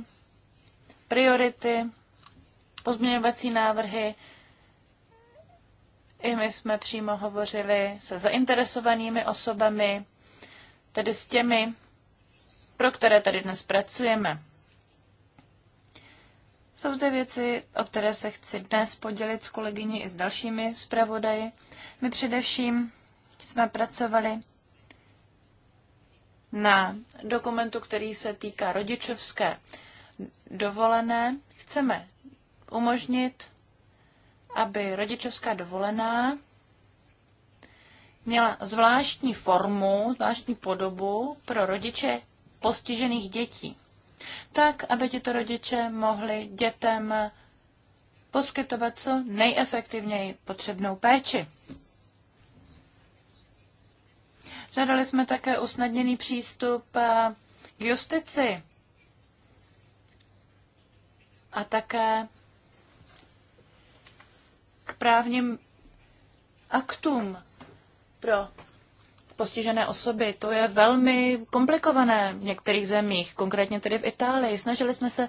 priority, pozměňovací návrhy, i my jsme přímo hovořili se zainteresovanými osobami, tedy s těmi, pro které tady dnes pracujeme. Jsou to věci, o které se chci dnes podělit s kolegyní i s dalšími zpravodaji. My především jsme pracovali na dokumentu, který se týká rodičovské dovolené. Chceme umožnit, aby rodičovská dovolená měla zvláštní formu, zvláštní podobu pro rodiče postižených dětí. Tak, aby tyto rodiče mohli dětem poskytovat co nejefektivněji potřebnou péči. Žádali jsme také usnadněný přístup eh, k justici a také k právním aktům pro postižené osoby. To je velmi komplikované v některých zemích, konkrétně tedy v Itálii. Snažili jsme se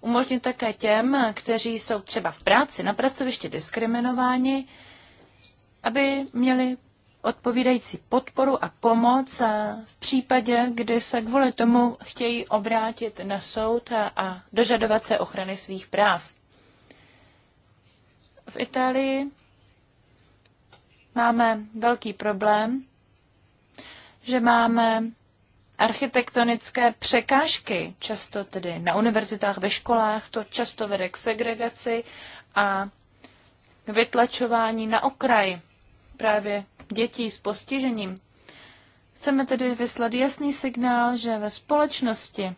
umožnit také těm, kteří jsou třeba v práci, na pracovišti diskriminováni, aby měli odpovídající podporu a pomoc v případě, kdy se kvůli tomu chtějí obrátit na soud a dožadovat se ochrany svých práv. V Itálii máme velký problém, že máme architektonické překážky, často tedy na univerzitách, ve školách, to často vede k segregaci a vytlačování na okraj právě dětí s postižením. Chceme tedy vyslat jasný signál, že ve společnosti,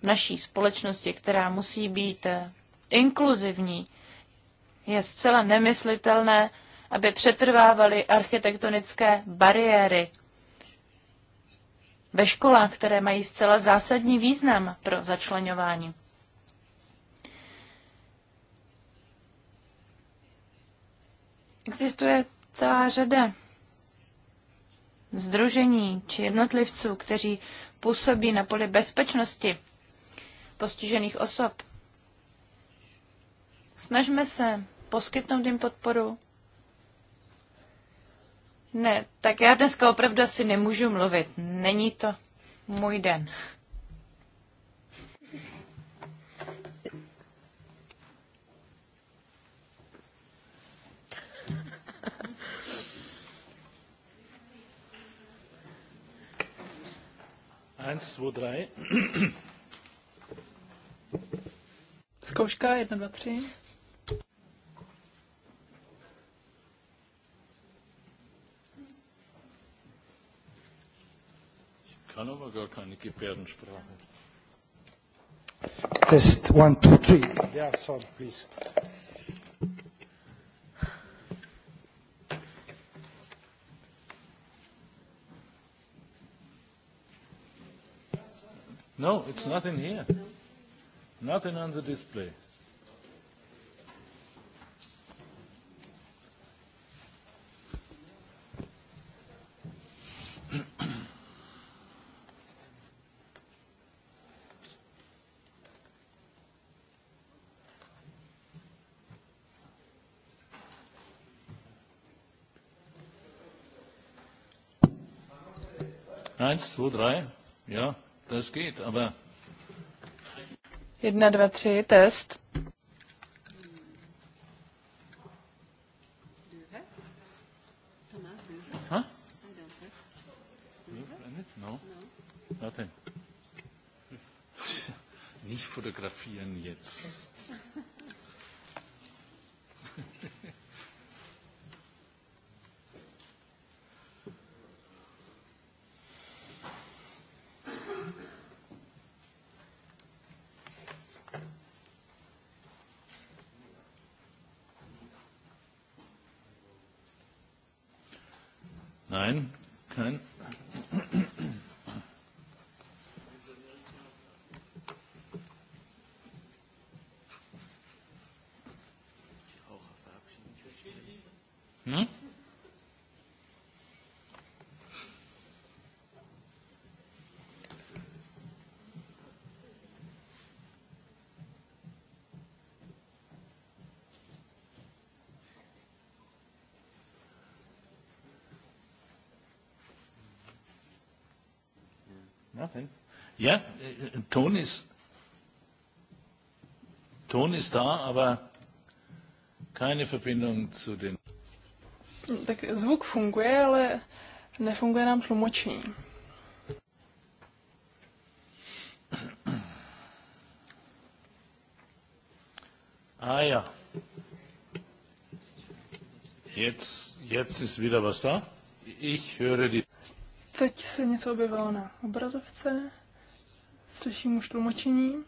v naší společnosti, která musí být eh, inkluzivní, je zcela nemyslitelné, aby přetrvávaly architektonické bariéry ve školách, které mají zcela zásadní význam pro začlenování. Existuje celá řada združení či jednotlivců, kteří působí na poli bezpečnosti postižených osob. Snažme se poskytnout jim podporu. Ne, tak já dneska opravdu asi nemůžu mluvit. Není to můj den. 1, 2, 3. Zkouška 1, 2, 3. Kanova Galka, Niki Pierden, Sprache. Test 1, 2, 3. Yeah, sorry, please. No, it's nothing here. Nothing on the display. Eins, zwei, drei, ja geht, aber... Jedna, dva, tři, test. Nein? Kein? Ja, Ton ist, Ton ist da, aber keine Verbindung zu den. Hm, tak zvuk funguje, ale nefunguje nám tlumočení. A Ah ja. Jetzt, jetzt ist wieder was da. Ich höre die. Teď se něco objevilo na obrazovce. Slyším už tlumočení.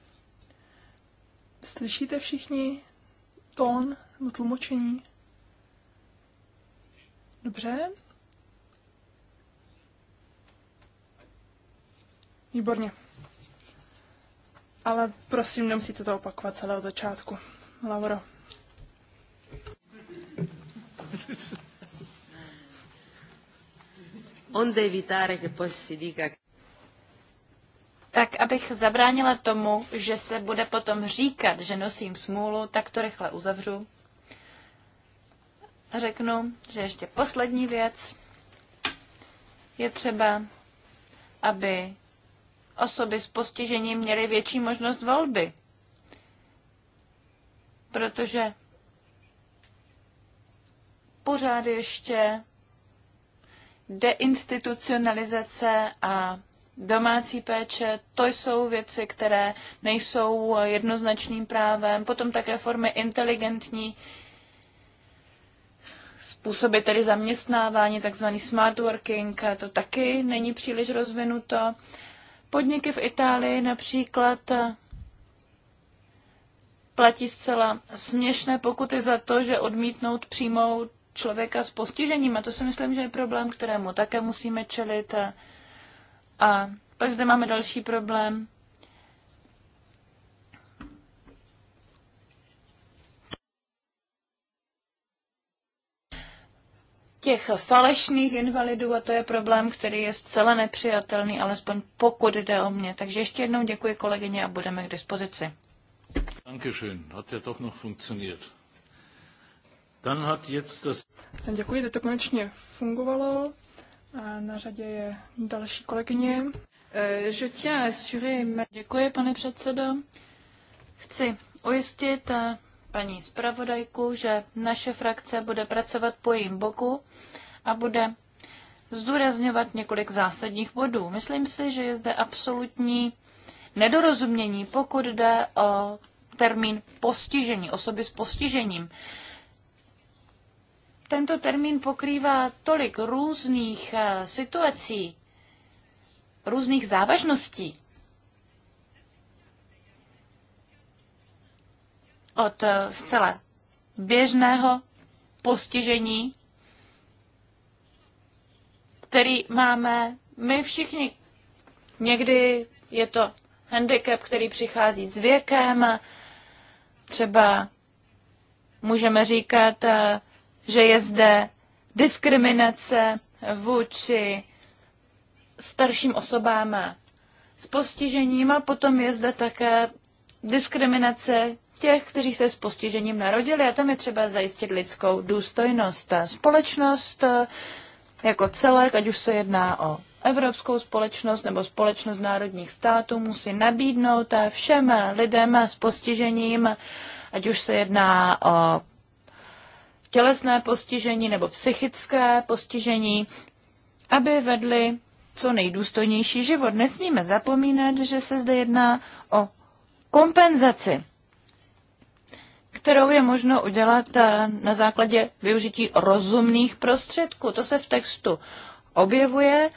Slyšíte všichni tón nebo tlumočení? Dobře. Výborně. Ale prosím, nemusíte to opakovat celého začátku. Lauro. Onde evitare che poi si dica che tak abych zabránila tomu, že se bude potom říkat, že nosím smůlu, tak to rychle uzavřu. Řeknu, že ještě poslední věc. Je třeba, aby osoby s postižením měly větší možnost volby. Protože pořád ještě deinstitucionalizace a domácí péče, to jsou věci, které nejsou jednoznačným právem, potom také formy inteligentní, způsoby tedy zaměstnávání, takzvaný smart working, to taky není příliš rozvinuto. Podniky v Itálii například platí zcela směšné pokuty za to, že odmítnout přijmout člověka s postižením. A to si myslím, že je problém, kterému také musíme čelit. A pak zde máme další problém. těch falešných invalidů a to je problém, který je zcela nepřijatelný, alespoň pokud jde o mě. Takže ještě jednou děkuji kolegyně a budeme k dispozici. Dankeschön, hat ja doch noch funktioniert. Dann hat jetzt das... Děkuji, to konečně fungovalo na řadě je další kolegyně. Je Děkuji, pane předsedo. Chci ujistit eh, paní zpravodajku, že naše frakce bude pracovat po jejím boku a bude zdůrazňovat několik zásadních bodů. Myslím si, že je zde absolutní nedorozumění, pokud jde o termín postižení, osoby s postižením tento termín pokrývá tolik různých eh, situací, různých závažností. Od eh, zcela běžného postižení, který máme my všichni. Někdy je to handicap, který přichází s věkem, třeba můžeme říkat, eh, že je zde diskriminace vůči starším osobám s postižením a potom je zde také diskriminace těch, kteří se s postižením narodili a tam je třeba zajistit lidskou důstojnost. Společnost eh, jako celek, ať už se jedná o evropskou společnost nebo společnost národních států, musí nabídnout eh, všem lidem s postižením, ať už se jedná o tělesné postižení nebo psychické postižení, aby vedli co nejdůstojnější život. Nesmíme zapomínat, že se zde jedná o kompenzaci, kterou je možno udělat eh, na základě využití rozumných prostředků. To se v textu objevuje,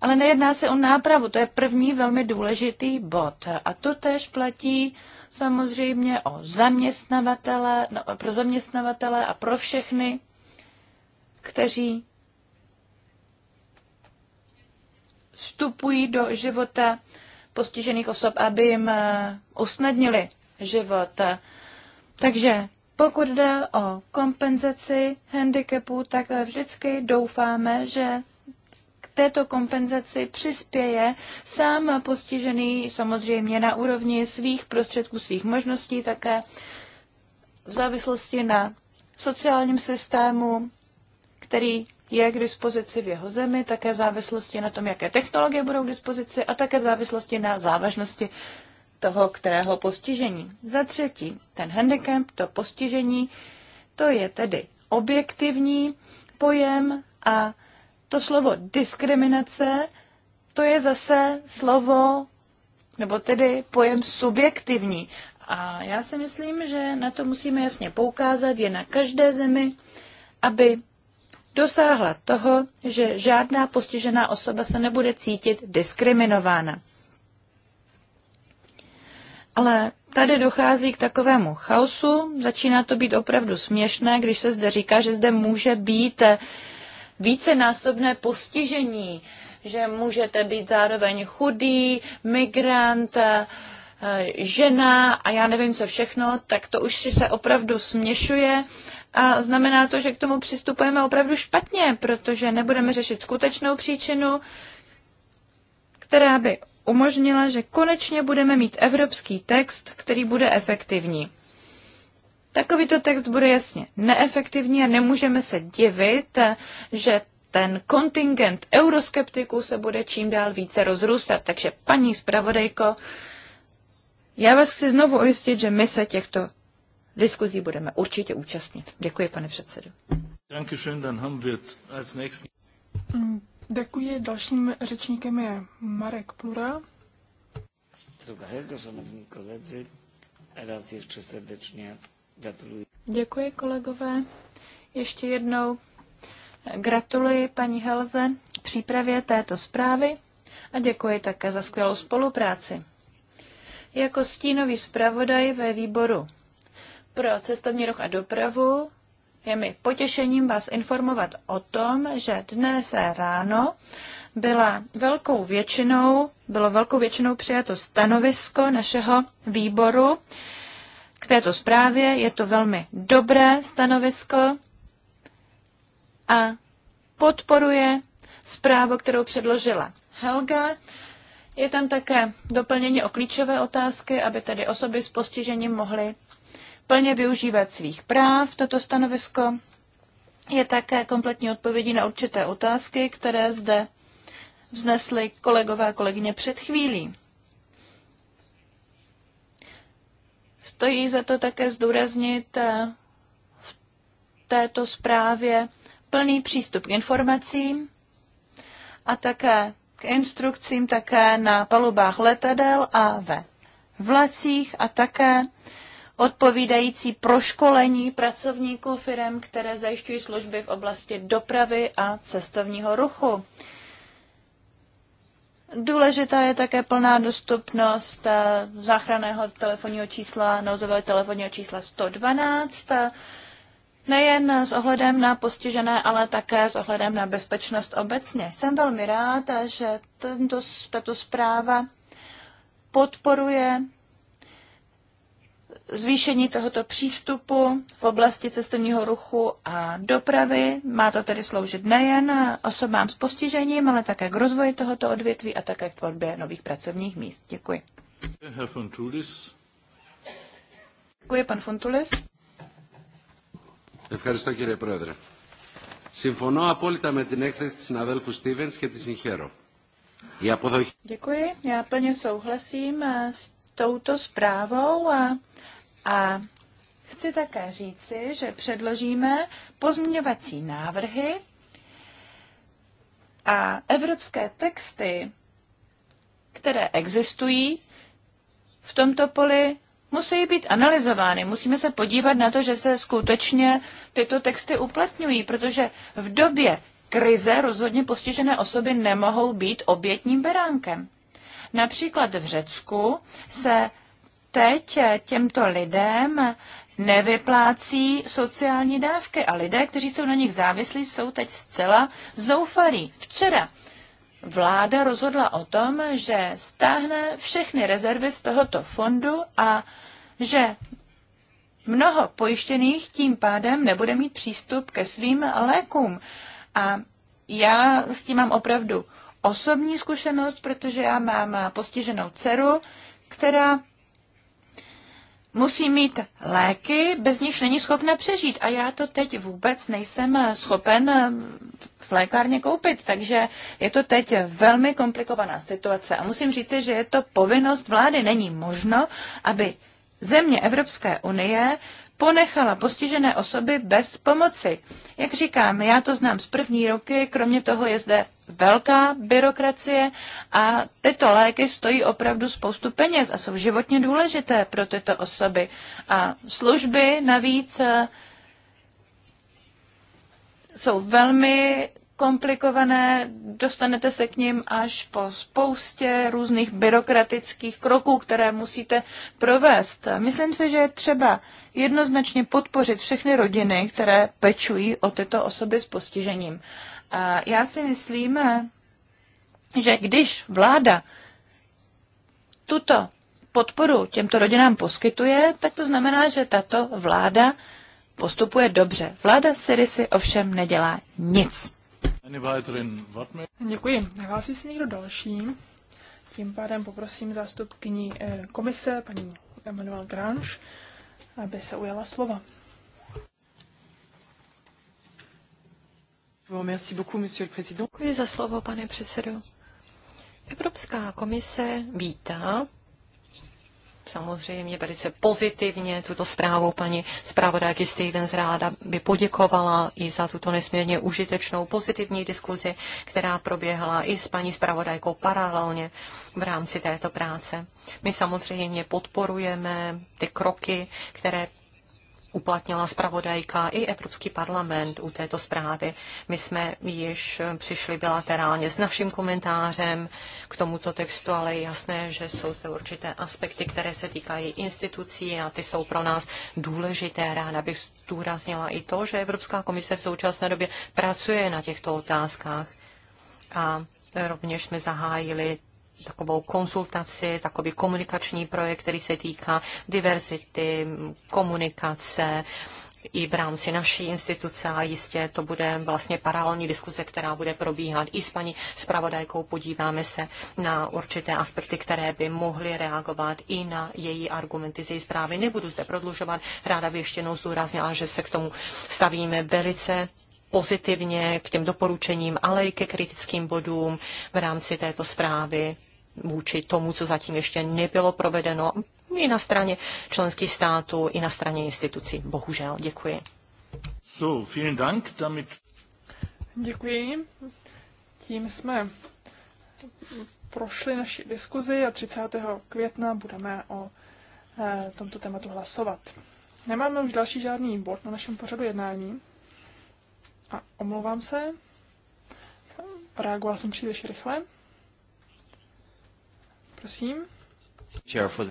ale nejedná se o nápravu. To je první velmi důležitý bod. A to tež platí samozřejmě o zaměstnavatele, no, pro zaměstnavatele a pro všechny, kteří vstupují do života postižených osob, aby jim eh, usnadnili život. Takže pokud jde o kompenzaci handicapů, tak vždycky doufáme, že této kompenzaci přispěje sám postižený samozřejmě na úrovni svých prostředků, svých možností, také v závislosti na sociálním systému, který je k dispozici v jeho zemi, také v závislosti na tom, jaké technologie budou k dispozici a také v závislosti na závažnosti toho, kterého postižení. Za třetí, ten handicap, to postižení, to je tedy objektivní pojem a to slovo diskriminace, to je zase slovo, nebo tedy pojem subjektivní. A já si myslím, že na to musíme jasně poukázat, je na každé zemi, aby dosáhla toho, že žádná postižená osoba se nebude cítit diskriminována. Ale tady dochází k takovému chaosu, začíná to být opravdu směšné, když se zde říká, že zde může být vícenásobné postižení, že můžete být zároveň chudý, migrant, eh, žena a já nevím co všechno, tak to už se opravdu směšuje a znamená to, že k tomu přistupujeme opravdu špatně, protože nebudeme řešit skutečnou příčinu, která by umožnila, že konečně budeme mít evropský text, který bude efektivní. Takovýto text bude jasně neefektivní a nemůžeme se divit, že ten kontingent euroskeptiků se bude čím dál více rozrůstat. Takže paní zpravodajko, já vás chci znovu ujistit, že my se těchto diskuzí budeme určitě účastnit. Děkuji, pane předsedu. Mm, děkuji. Dalším řečníkem je Marek Plura. Drogahego, szanowni koledzy, raz jeszcze serdecznie Gratuluji. Děkuji, kolegové. Ještě jednou gratuluji paní Helze k přípravě této zprávy a děkuji také za skvělou spolupráci. Jako stínový zpravodaj ve výboru pro cestovní ruch a dopravu je mi potěšením vás informovat o tom, že dnes ráno byla velkou většinou, bylo velkou většinou přijato stanovisko našeho výboru, této zprávě. Je to velmi dobré stanovisko a podporuje zprávu, kterou předložila Helga. Je tam také doplnění o klíčové otázky, aby tedy osoby s postižením mohly plně využívat svých práv. Toto stanovisko je také kompletní odpovědí na určité otázky, které zde vznesly kolegové a kolegyně před chvílí. Stojí za to také zdůraznit eh, v této zprávě plný přístup k informacím a také k instrukcím také na palubách letadel a ve vlacích a také odpovídající proškolení pracovníků firm, které zajišťují služby v oblasti dopravy a cestovního ruchu. Důležitá je také plná dostupnost eh, záchranného telefonního čísla, nouzového telefonního čísla 112, eh, nejen s ohledem na postižené, ale také s ohledem na bezpečnost obecně. Jsem velmi rád, eh, že tento, tato zpráva podporuje zvýšení tohoto přístupu v oblasti cestovního ruchu a dopravy. Má to tedy sloužit nejen osobám s postižením, ale také k rozvoji tohoto odvětví a také k tvorbě nových pracovních míst. Děkuji. Herr Funtulis. Děkuji, pan Fontulis. Ευχαριστώ κύριε Πρόεδρε. Συμφωνώ απόλυτα με την έκθεση της συναδέλφου Στίβενς και τη συγχαίρω. Η αποδοχή... Děkuji, já plně souhlasím eh, s touto zprávou a a chci také říci, že předložíme pozměňovací návrhy a evropské texty, které existují v tomto poli, musí být analyzovány. Musíme se podívat na to, že se skutečně tyto texty uplatňují, protože v době krize rozhodně postižené osoby nemohou být obětním beránkem. Například v Řecku se teď těmto lidem nevyplácí sociální dávky a lidé, kteří jsou na nich závislí, jsou teď zcela zoufalí. Včera vláda rozhodla o tom, že stáhne všechny rezervy z tohoto fondu a že mnoho pojištěných tím pádem nebude mít přístup ke svým lékům. A já s tím mám opravdu osobní zkušenost, protože já mám postiženou dceru, která musí mít léky, bez nich není schopna přežít. A já to teď vůbec nejsem eh, schopen eh, v lékárně koupit, takže je to teď velmi komplikovaná situace. A musím říct, že je to povinnost vlády. Není možno, aby země Evropské unie ponechala postižené osoby bez pomoci. Jak říkám, já to znám z první ruky, kromě toho je zde velká byrokracie a tyto léky stojí opravdu spoustu peněz a jsou životně důležité pro tyto osoby. A služby navíc eh, jsou velmi komplikované, dostanete se k ním až po spoustě různých byrokratických kroků, které musíte provést. Myslím si, že je třeba jednoznačně podpořit všechny rodiny, které pečují o tyto osoby s postižením. A já si myslím, že když vláda tuto podporu těmto rodinám poskytuje, tak to znamená, že tato vláda postupuje dobře. Vláda Syrisy ovšem nedělá nic. Děkuji. Hlásí se někdo další? Tím pádem poprosím zástupkyni eh, komise, paní Emmanuel Grange, aby se ujala slova. Děkuji za slovo, pane předsedo. Evropská komise vítá samozřejmě velice pozitivně tuto zprávu paní zpravodajky Stevens ráda by poděkovala i za tuto nesmírně užitečnou pozitivní diskuzi, která proběhla i s paní zpravodajkou paralelně v rámci této práce. My samozřejmě podporujeme ty kroky, které uplatnila zpravodajka i Evropský parlament u této zprávy. My jsme již přišli bilaterálně s naším komentářem k tomuto textu, ale je jasné, že jsou zde určité aspekty, které se týkají institucí a ty jsou pro nás důležité. Ráda bych zdůraznila i to, že Evropská komise v současné době pracuje na těchto otázkách. A rovněž jsme zahájili takovou konzultaci, takový komunikační projekt, který se týká diverzity, komunikace, i v rámci naší instituce a jistě to bude vlastně paralelní diskuze, která bude probíhat i s paní zpravodajkou. Podíváme se na určité aspekty, které by mohly reagovat i na její argumenty z její zprávy. Nebudu zde prodlužovat, ráda by ještě jednou zdůraznila, že se k tomu stavíme velice pozitivně k těm doporučením, ale i ke kritickým bodům v rámci této zprávy vůči tomu, co zatím ještě nebylo provedeno i na straně členských států, i na straně institucí. Bohužel. Děkuji. So, vielen Dank, damit... Děkuji. Tím jsme prošli naši diskuzi a 30. května budeme o e, tomto tématu hlasovat. Nemáme už další žádný bod na našem pořadu jednání. A omlouvám se, reagovala jsem příliš rychle prosím.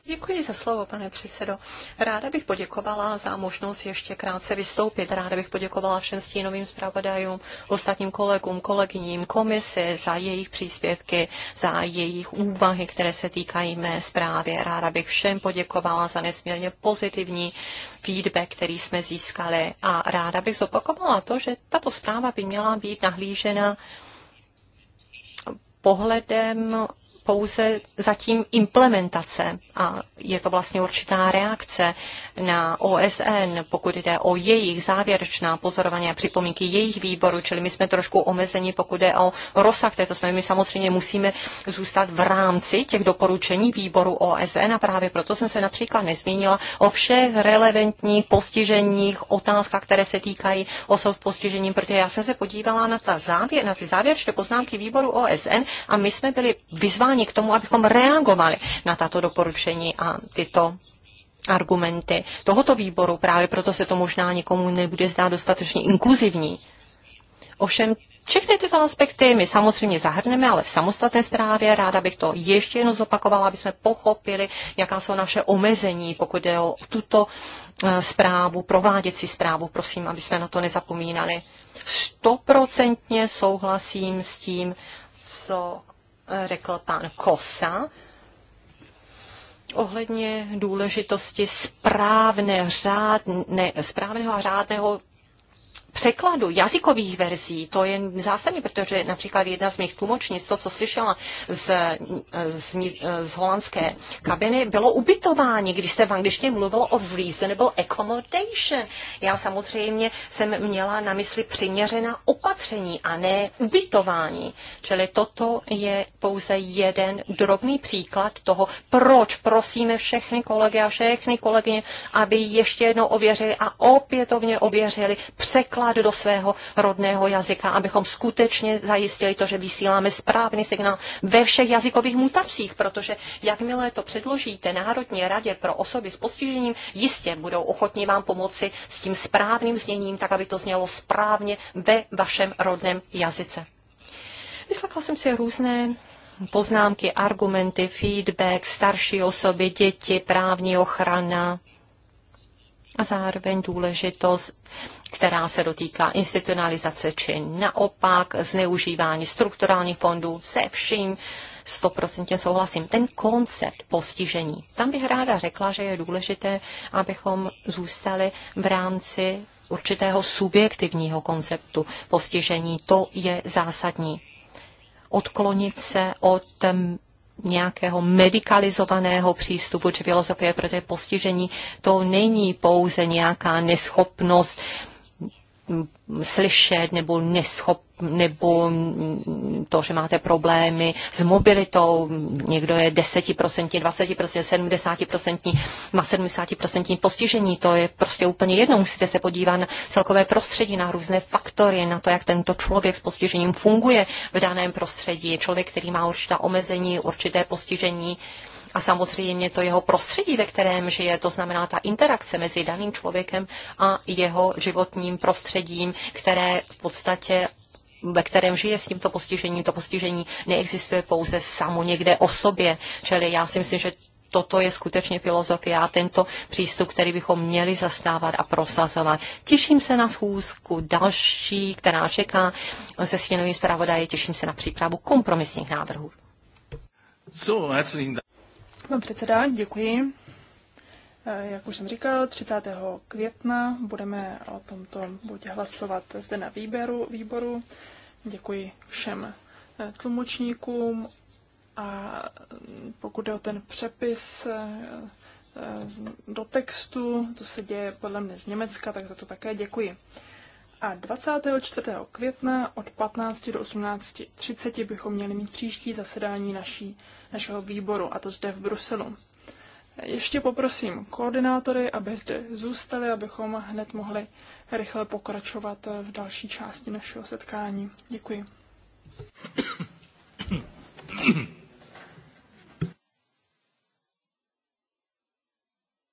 Děkuji za slovo, pane předsedo. Ráda bych poděkovala za možnost ještě krátce vystoupit. Ráda bych poděkovala všem stínovým zpravodajům, ostatním kolegům, kolegyním, komisi za jejich příspěvky, za jejich úvahy, které se týkají mé zprávy. Ráda bych všem poděkovala za nesmírně pozitivní feedback, který jsme získali. A ráda bych zopakovala to, že tato zpráva by měla být nahlížena pohledem pouze zatím implementace a je to vlastně určitá reakce na OSN, pokud jde o jejich závěrečná pozorování a připomínky jejich výboru, čili my jsme trošku omezeni, pokud jde o rozsah této jsme. My samozřejmě musíme zůstat v rámci těch doporučení výboru OSN a právě proto jsem se například nezmínila o všech relevantních postiženích otázkách, které se týkají osob postižením, protože já jsem se podívala na, ta závěr, na ty závěrečné poznámky výboru OSN a my jsme byli vyzváni vyzváni k tomu, abychom reagovali na tato doporučení a tyto argumenty tohoto výboru. Právě proto se to možná někomu nebude zdát dostatečně inkluzivní. Ovšem všechny tyto aspekty my samozřejmě zahrneme, ale v samostatné zprávě ráda bych to ještě jednou zopakovala, aby jsme pochopili, jaká jsou naše omezení, pokud jde o tuto eh, zprávu, prováděcí zprávu, prosím, aby jsme na to nezapomínali. Stoprocentně souhlasím s tím, co řekl pan Kosa, ohledně důležitosti správné, řádne, správného a řádného překladu jazykových verzí, to je zásadní, protože například jedna z mých tlumočnic, to, co slyšela z, z, z holandské kabiny, bylo ubytování, když se v angličtině mluvilo o reasonable accommodation. Já samozřejmě jsem měla na mysli přiměřená opatření a ne ubytování. Čili toto je pouze jeden drobný příklad toho, proč prosíme všechny kolegy a všechny kolegyně, aby ještě jednou ověřili a opětovně ověřili překlad překlad do svého rodného jazyka, abychom skutečně zajistili to, že vysíláme správný signál ve všech jazykových mutacích, protože jakmile to předložíte Národní radě pro osoby s postižením, jistě budou ochotní vám pomoci s tím správným zněním, tak aby to znělo správně ve vašem rodném jazyce. Vyslechla jsem si různé poznámky, argumenty, feedback, starší osoby, děti, právní ochrana a zároveň důležitost která se dotýká institucionalizace či naopak zneužívání strukturálních fondů se vším, 100% souhlasím. Ten koncept postižení, tam bych ráda řekla, že je důležité, abychom zůstali v rámci určitého subjektivního konceptu postižení. To je zásadní. Odklonit se od mm, nějakého medicalizovaného přístupu či filozofie, protože postižení to není pouze nějaká neschopnost Mm, slyšet nebo neschop, nebo mm, to, že máte problémy s mobilitou, někdo je 10%, 20%, 70%, má 70% postižení, to je prostě úplně jedno, musíte se podívat na celkové prostředí, na různé faktory, na to, jak tento člověk s postižením funguje v daném prostředí, člověk, který má určitá omezení, určité postižení, a samozřejmě to jeho prostředí, ve kterém žije, to znamená ta interakce mezi daným člověkem a jeho životním prostředím, které v podstatě ve kterém žije s tímto postižením. To postižení neexistuje pouze samo někde o sobě. Čili já si myslím, že toto je skutečně filozofie a tento přístup, který bychom měli zastávat a prosazovat. Těším se na schůzku další, která čeká se stěnovým zpravodaje. Těším se na přípravu kompromisních návrhů. So, herzlichen Pan předseda, děkuji. Eh, jak už jsem říkal, 30. května budeme o tomto bodě hlasovat zde na výběru, výboru. Děkuji všem eh, tlumočníkům a pokud je o ten přepis eh, do textu, to se děje podle mě z Německa, tak za to také děkuji. A 24. května od 15 do 18.30 bychom měli mít příští zasedání naší, našeho výboru, a to zde v Bruselu. Ještě poprosím koordinátory, aby zde zůstali, abychom hned mohli rychle pokračovat v další části našeho setkání. Děkuji.